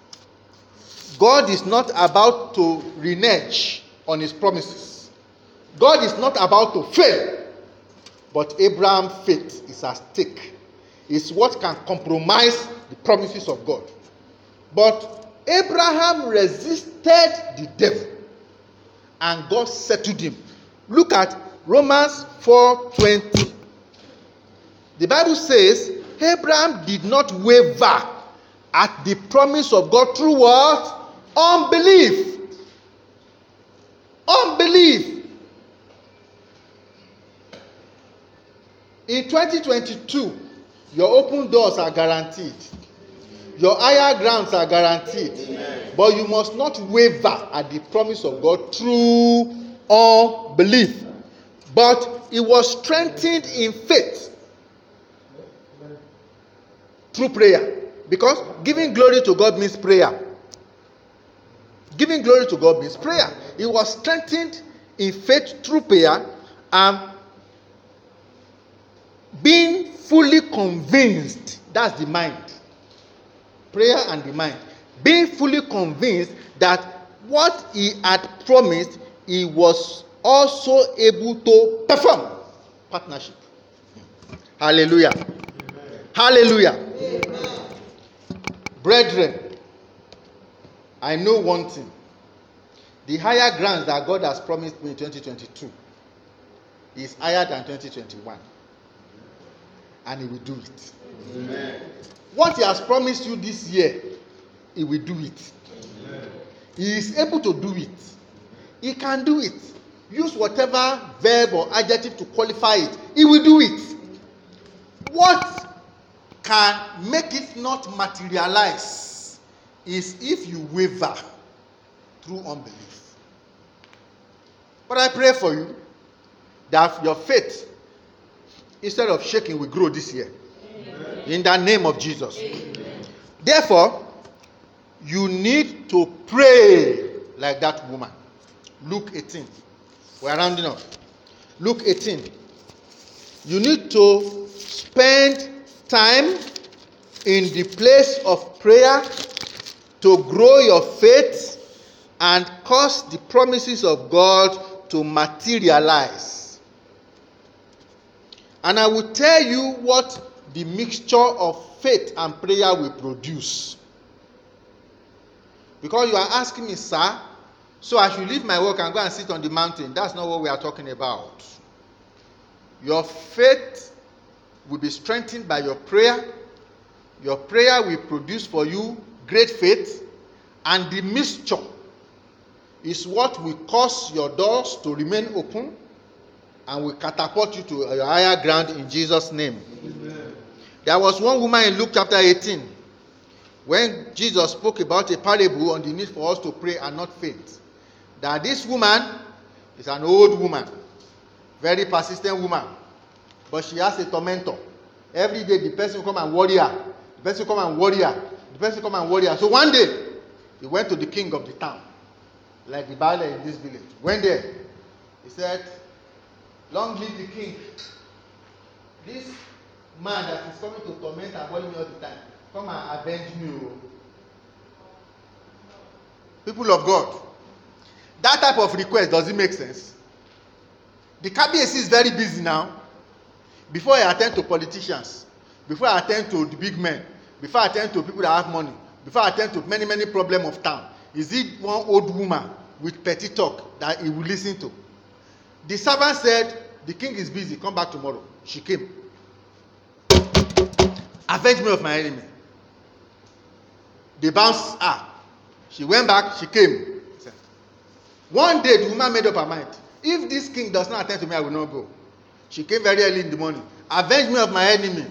God is not about to renege on his promises. God is not about to fail. But Abraham's faith is at stake. It's what can compromise the promises of God. But Abraham resisted the devil and God settled him. Look at Romans 4:20. The Bible says Abraham did not waver at the promise of God through what? Unbelief. Unbelief. In 2022, your open doors are guaranteed. Your higher grounds are guaranteed. Amen. But you must not waver at the promise of God through unbelief. But he was strengthened in faith through prayer. Because giving glory to God means prayer. Giving glory to God means prayer. He was strengthened in faith through prayer and being fully convinced. That's the mind. Prayer and the mind. Being fully convinced that what he had promised, he was also able to perform. Partnership. Hallelujah. Hallelujah. Amen. Brethren, I know one thing. The higher grants that God has promised me in 2022 is higher than 2021. And He will do it. Amen. What He has promised you this year, He will do it. Amen. He is able to do it. He can do it. Use whatever verb or adjective to qualify it. He will do it. What can make it not materialize is if you waver through unbelief. But I pray for you that your faith, instead of shaking, will grow this year. Amen. In the name of Jesus. Amen. Therefore, you need to pray like that woman. Luke 18. We're rounding up. Luke 18. You need to spend time in the place of prayer to grow your faith and cause the promises of God to materialize. And I will tell you what the mixture of faith and prayer will produce. Because you are asking me, sir, so I should leave my work and go and sit on the mountain. That's not what we are talking about. Your faith will be strengthened by your prayer. Your prayer will produce for you great faith, and the mixture is what will cause your doors to remain open and will catapult you to a higher ground in Jesus' name. Amen. There was one woman in Luke chapter 18 when Jesus spoke about a parable on the need for us to pray and not faint. That this woman is an old woman, very persistent woman. But she has a tormentor. Every day the person come and worry her. The person come and worry her. The person come and worry her. So one day, he went to the king of the town, like the Bible in this village. Went there. He said, Long live the king. This man that is coming to torment and worry me all the time, come and avenge me. Oh. People of God, that type of request does it make sense? The KBAC is very busy now before I attend to politicians, before I attend to the big men, before I attend to people that have money, before I attend to many, many problems of town, is it one old woman with petty talk that he will listen to? The servant said, The king is busy, come back tomorrow. She came. Avenge me of my enemy. They bounced her. Ah, she went back, she came. One day the woman made up her mind. If this king does not attend to me, I will not go. She came very early in the morning. Avenge me of my enemy.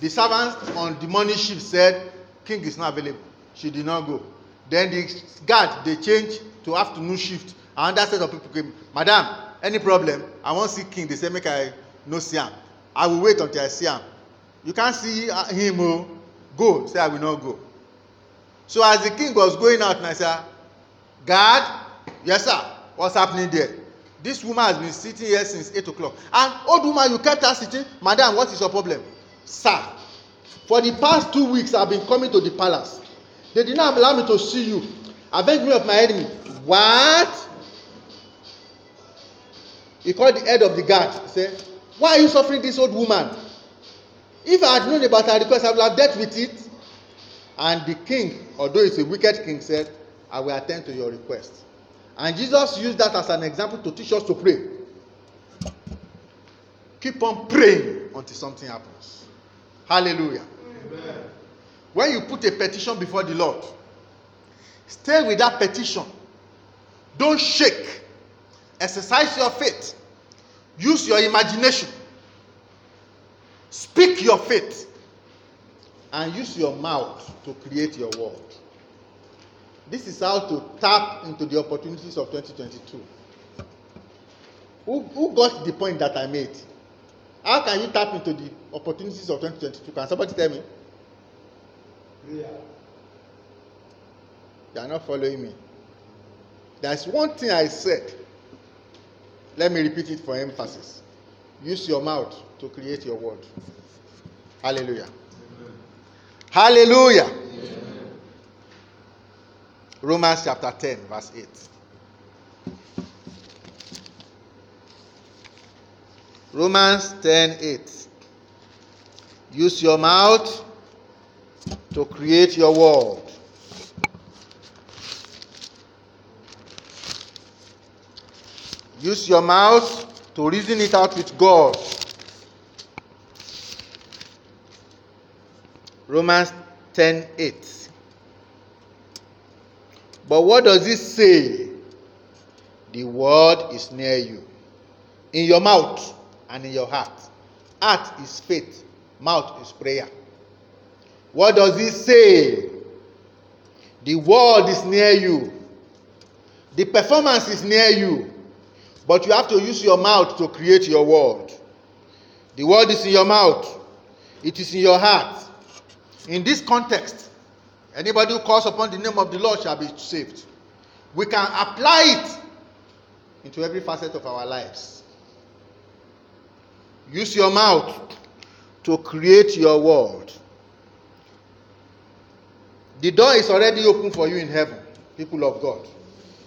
The servants on the morning shift said, King is not available. She did not go. Then the guard, they changed to afternoon shift. Another set of people came. Madam, any problem? I wan see king. They say make I no see am. I will wait until I see am. You can't see uh, him o. Oh. Go. Say I will not go. So as the king was going out, na say, guard, yes sir, what's happening there? This woman has been sitting here since eight o'clock. And old woman, you kept her sitting. Madam, what is your problem? Sir, for the past two weeks, I've been coming to the palace. They did not allow me to see you. Avenge me of my enemy. What? He called the head of the guard. Say, Why are you suffering this old woman? If I had known about her request, I would have dealt with it. And the king, although he's a wicked king, said, I will attend to your request. And Jesus used that as an example to teach us to pray. Keep on praying until something happens. Hallelujah. Amen. When you put a petition before the Lord, stay with that petition. Don't shake. Exercise your faith. Use your imagination. Speak your faith. And use your mouth to create your world. This is how to tap into the opportunities of 2022. Who, who got the point that I made? How can you tap into the opportunities of 2022? Can somebody tell me? Yeah. You are not following me. There is one thing I said. Let me repeat it for emphasis. Use your mouth to create your world. Hallelujah. Amen. Hallelujah. Romans chapter 10, verse 8. Romans 10 8. Use your mouth to create your world. Use your mouth to reason it out with God. Romans 10 8. But what does it say? The word is near you, in your mouth and in your heart. Heart is faith, mouth is prayer. What does it say? The word is near you. The performance is near you. But you have to use your mouth to create your word. The word is in your mouth, it is in your heart. In this context, Anybody who calls upon the name of the Lord shall be saved. We can apply it into every facet of our lives. Use your mouth to create your world. The door is already open for you in heaven, people of God.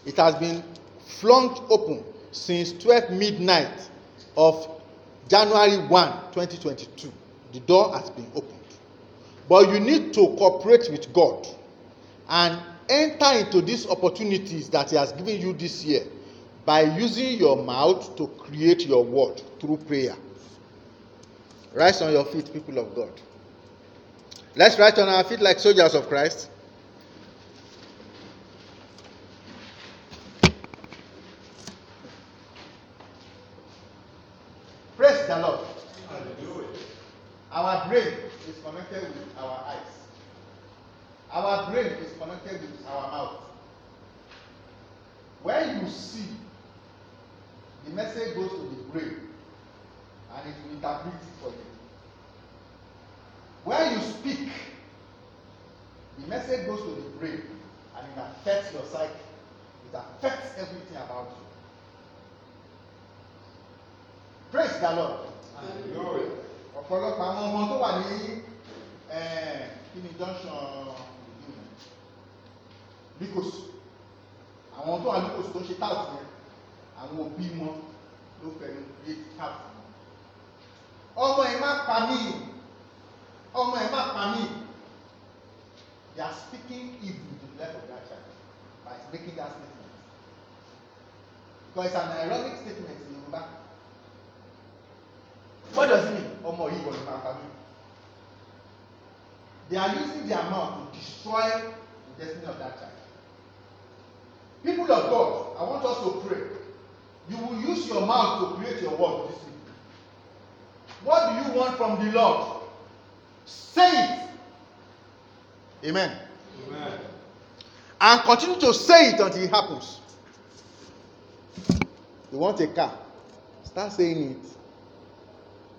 It has been flung open since 12 midnight of January 1, 2022. The door has been open. But you need to cooperate with God and enter into these opportunities that He has given you this year by using your mouth to create your word through prayer. Rise on your feet, people of God. Let's rise on our feet like soldiers of Christ. Praise the Lord. Our brain is connected with our eyes. Our brain is connected with our mouth. When you see, the message goes to the brain and it will interpret it for you. When you speak, the message goes to the brain and it affects your psyche. It affects everything about you. Praise the Lord. Hallelujah ọ̀pọ̀lọpọ̀ àwọn ọmọ tó wà ní kí ni junction bíkòs àwọn tó wà bíkòs tó ń ṣe táàtì yẹn àwọn òbí wọn ló fẹnu gbé táàtì ọmọ ẹ má pa mí ọmọ ẹ má pa mí they are speaking evil to the left of their child by making that statement because it's an ironic statement in Yorùbá. What does it mean? Ọmọ my was my family. They are using their mouth to destroy the destiny of that child. People of God, I want us to pray. You will use your mouth to create your world this week. What do you want from the Lord? Say it. Amen. Amen. And continue to say it until it happens. You want a car? Start saying it.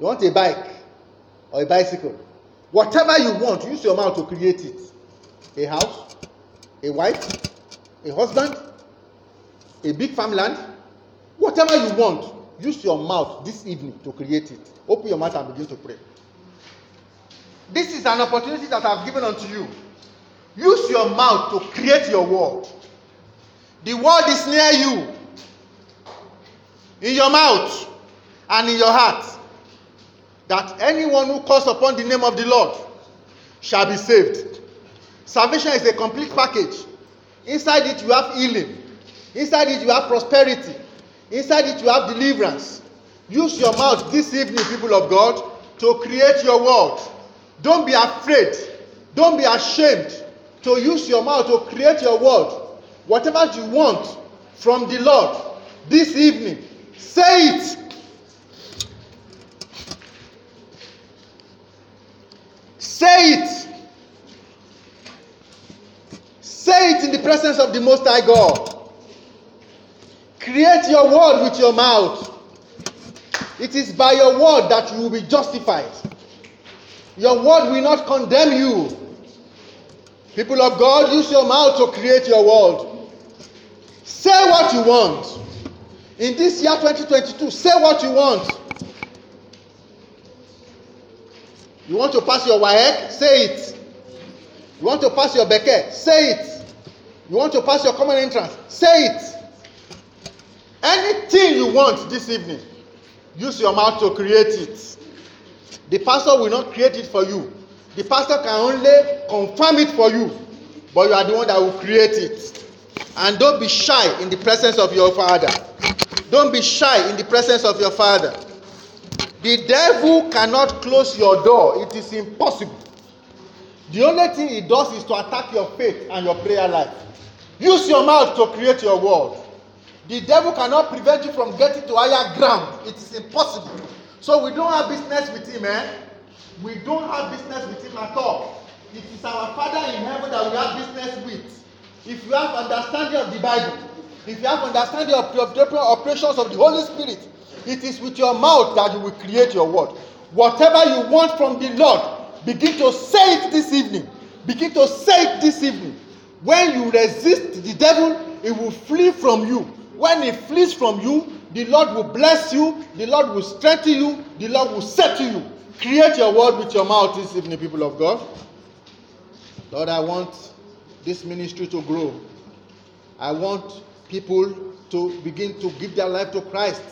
You want a bike or a bicycle. Whatever you want, use your mouth to create it. A house, a wife, a husband, a big farmland. Whatever you want, use your mouth this evening to create it. Open your mouth and begin to pray. This is an opportunity that I've given unto you. Use your mouth to create your world. The world is near you, in your mouth and in your heart that anyone who calls upon the name of the Lord shall be saved. Salvation is a complete package. Inside it, you have healing. Inside it, you have prosperity. Inside it, you have deliverance. Use your mouth this evening, people of God, to create your world. Don't be afraid. Don't be ashamed to use your mouth to create your world. Whatever you want from the Lord this evening, say it Say it. Say it in the presence of the Most High God. Create your word with your mouth. It is by your word that you will be justified. Your word will not condemn you. People of God, use your mouth to create your world. Say what you want. In this year 2022, say what you want. You want to pass your WAEC? Say it. You want to pass your Beke? Say it. You want to pass your common entrance? Say it. Anything you want this evening, use your mouth to create it. The pastor will not create it for you. The pastor can only confirm it for you, but you are the one that will create it. And don't be shy in the presence of your father. Don't be shy in the presence of your father. The devil cannot close your door, it is impossible. The only thing he does is to attack your faith and your prayer life. Use your mouth to create your world. The devil cannot prevent you from getting to higher ground. It is impossible. So we don't have business with him, eh? We don't have business with him at all. It is our Father in heaven that we have business with. If you have understanding of the Bible, if you have understanding of the operations of the Holy Spirit, It is with your mouth that you will create your word. Whatever you want from the Lord, begin to say it this evening. Begin to say it this evening. When you resist the devil, he will flee from you. When he flees from you, the Lord will bless you, the Lord will strengthen you, the Lord will set you. Create your word with your mouth this evening, people of God. Lord, I want this ministry to grow. I want people to begin to give their life to Christ.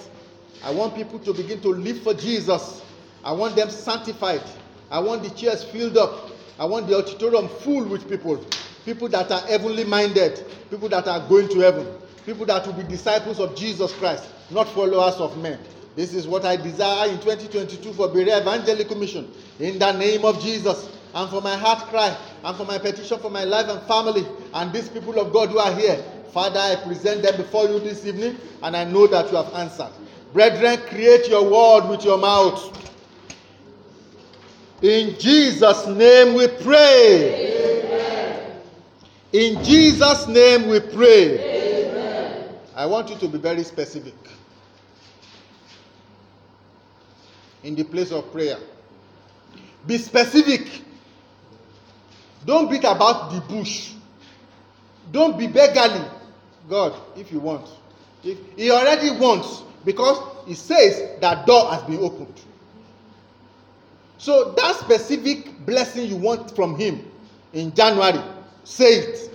I want people to begin to live for Jesus. I want them sanctified. I want the chairs filled up. I want the auditorium full with people. People that are heavenly minded. People that are going to heaven. People that will be disciples of Jesus Christ, not followers of men. This is what I desire in 2022 for Berea Evangelical Mission. In the name of Jesus. And for my heart cry. And for my petition for my life and family. And these people of God who are here. Father, I present them before you this evening. And I know that you have answered. Brethren, create your word with your mouth. In Jesus' name we pray. Amen. In Jesus' name we pray. Amen. I want you to be very specific. In the place of prayer, be specific. Don't beat about the bush. Don't be beggarly. God, if you want. If he already wants, because it says that door has been opened. So that specific blessing you want from him in January, say it.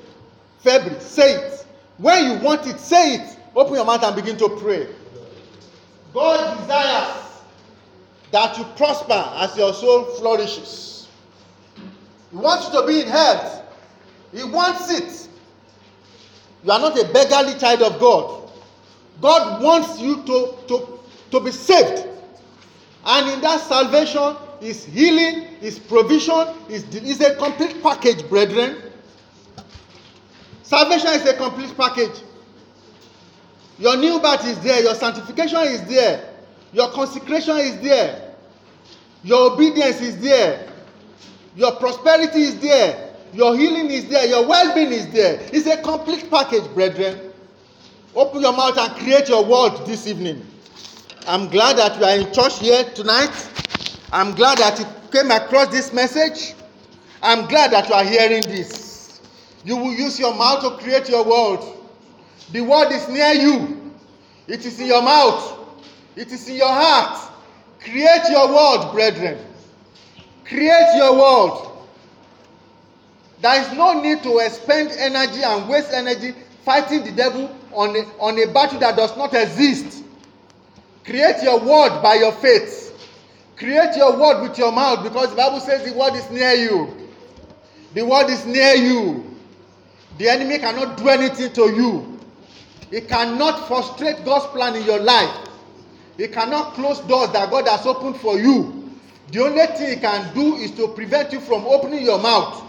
February, say it. When you want it, say it. Open your mouth and begin to pray. God desires that you prosper as your soul flourishes. He wants you to be in health. He wants it. You are not a beggarly child of God. God wants you to, to, to be saved. And in that salvation is healing, is provision, is, is a complete package, brethren. Salvation is a complete package. Your new birth is there, your sanctification is there, your consecration is there, your obedience is there, your prosperity is there, your healing is there, your well being is there. It's a complete package, brethren. Open your mouth and create your world this evening. I'm glad that you are in church here tonight. I'm glad that you came across this message. I'm glad that you are hearing this. You will use your mouth to create your world. The world is near you, it is in your mouth, it is in your heart. Create your world, brethren. Create your world. There is no need to expend energy and waste energy fighting the devil on a, on a battle that does not exist. Create your word by your faith. Create your word with your mouth because the Bible says the word is near you. The word is near you. The enemy cannot do anything to you. He cannot frustrate God's plan in your life. He cannot close doors that God has opened for you. The only thing he can do is to prevent you from opening your mouth.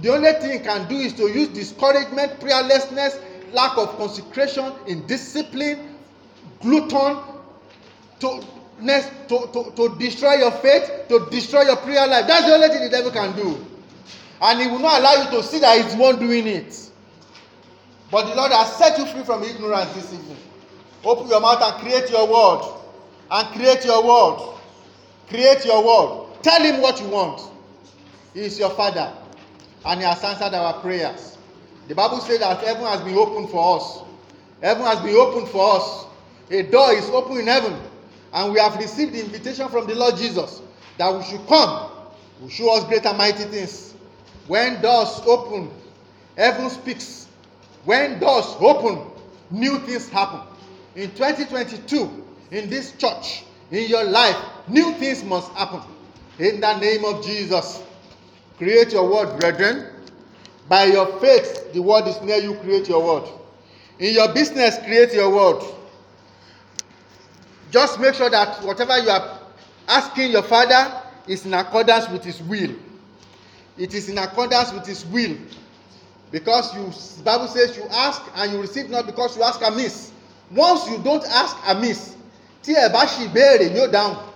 The only thing he can do is to use discouragement, prayerlessness, lack of consecration, in discipline, gluten, to, next, to, to, to destroy your faith, to destroy your prayer life. That's the only thing the devil can do. And he will not allow you to see that he's one doing it. But the Lord has set you free from ignorance this evening. Open your mouth and create your word. And create your word. Create your word. Tell him what you want. He is your father. And he has answered our prayers. The Bible says that heaven has been opened for us. Heaven has been opened for us. A door is open in heaven. And we have received the invitation from the Lord Jesus that we should come. Will show us great and mighty things. When doors open, heaven speaks. When doors open, new things happen. In 2022, in this church, in your life, new things must happen. In the name of Jesus, create your word, brethren. By your faith, the world is near you, create your world. In your business, create your world. Just make sure that whatever you are asking your father is in accordance with his will. It is in accordance with his will. Because you Bible says you ask and you receive not because you ask amiss. Once you don't ask amiss, tí ẹ bá ṣì béèrè yóò dáhùn.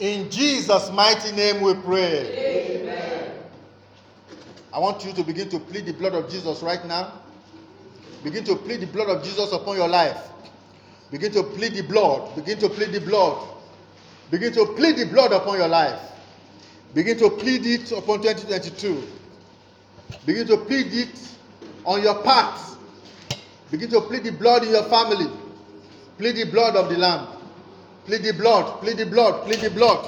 In Jesus' mighty name we pray. Amen. I want you to begin to plead the blood of Jesus right now. Begin to plead the blood of Jesus upon your life. Begin to plead the blood. Begin to plead the blood. Begin to plead the blood upon your life. Begin to plead it upon 2022. Begin to plead it on your path. Begin to plead the blood in your family. Plead the blood of the Lamb. Plead the blood, plead the blood, plead the blood.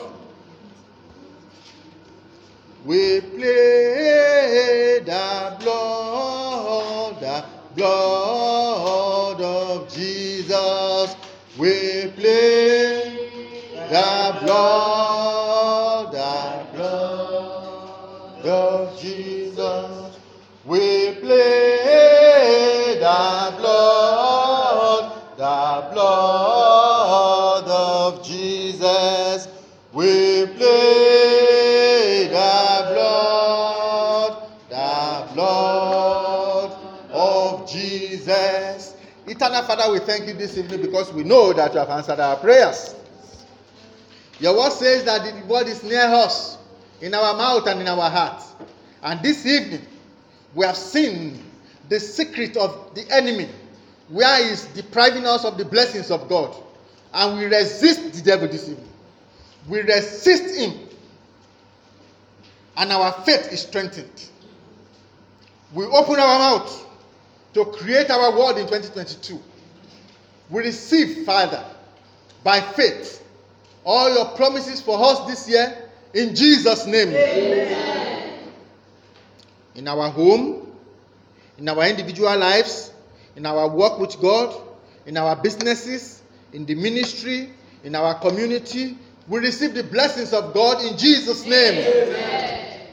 We plead the blood, the blood of Jesus. We plead the blood. Father, we thank you this evening because we know that you have answered our prayers. Your word says that the word is near us, in our mouth and in our heart. And this evening, we have seen the secret of the enemy, where he is depriving us of the blessings of God. And we resist the devil this evening. We resist him. And our faith is strengthened. We open our mouth to create our world in 2022 we receive, Father, by faith, all your promises for us this year in Jesus' name. Amen. In our home, in our individual lives, in our work with God, in our businesses, in the ministry, in our community, we receive the blessings of God in Jesus' name. Amen.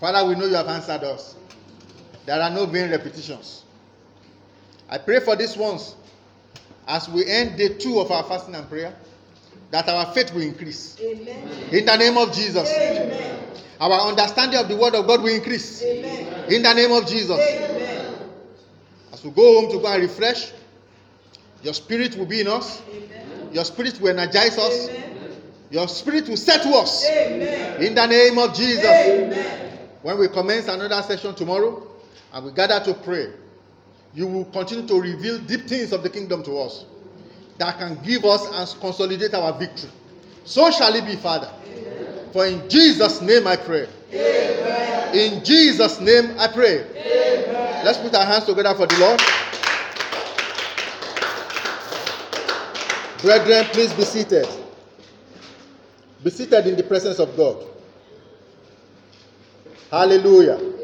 Father, we know you have answered us. There are no vain repetitions. I pray for these ones as we end day two of our fasting and prayer that our faith will increase. Amen. In the name of Jesus. Amen. Our understanding of the word of God will increase. Amen. In the name of Jesus. As we go home to go and refresh, your spirit will be in us. Your spirit will energize us. Your spirit will to us. In the name of Jesus. When we commence another session tomorrow and we gather to pray, you will continue to reveal deep things of the kingdom to us that can give us and consolidate our victory. So shall it be, Father. Amen. For in Jesus' name I pray. Amen. In Jesus' name I pray. Amen. Let's put our hands together for the Lord. Brethren, please be seated. Be seated in the presence of God. Hallelujah.